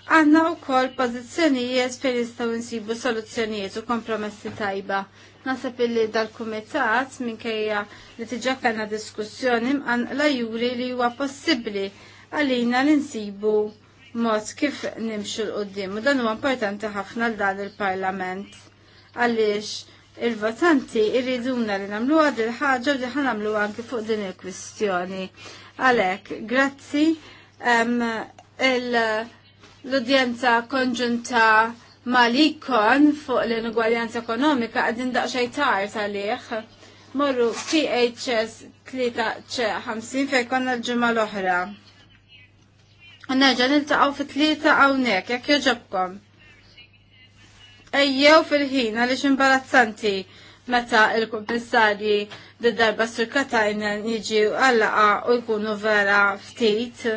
Għanna u kol pozizjonijiet fejn nistaw nsibu soluzzjonijiet u kompromessi tajba. Nasab illi dal-kumitat minkejja li tiġa kanna diskussjoni mqan la juri li huwa possibbli għalina li nsibu mod kif nimxu l-qoddim. U dan huwa importanti ħafna l dan il-Parlament għaliex il-votanti irriduna li namlu għad il-ħagġa u li namlu anki fuq din il-kwistjoni. Għalek, grazzi. Um, il- l-udjenza konġunta malikon fuq l-inugwaljanza ekonomika għadin daqxaj tar tal-liħ. Morru PHS 3 50 fej konna l-ġimma l-oħra. il niltaqaw fi tlieta hawnhekk jekk joġobkom. Ejjew fil-ħin għaliex imbarazzanti meta il-kummissarji d-darba sur Katajna jiġi għallaqa u jkunu vera ftit.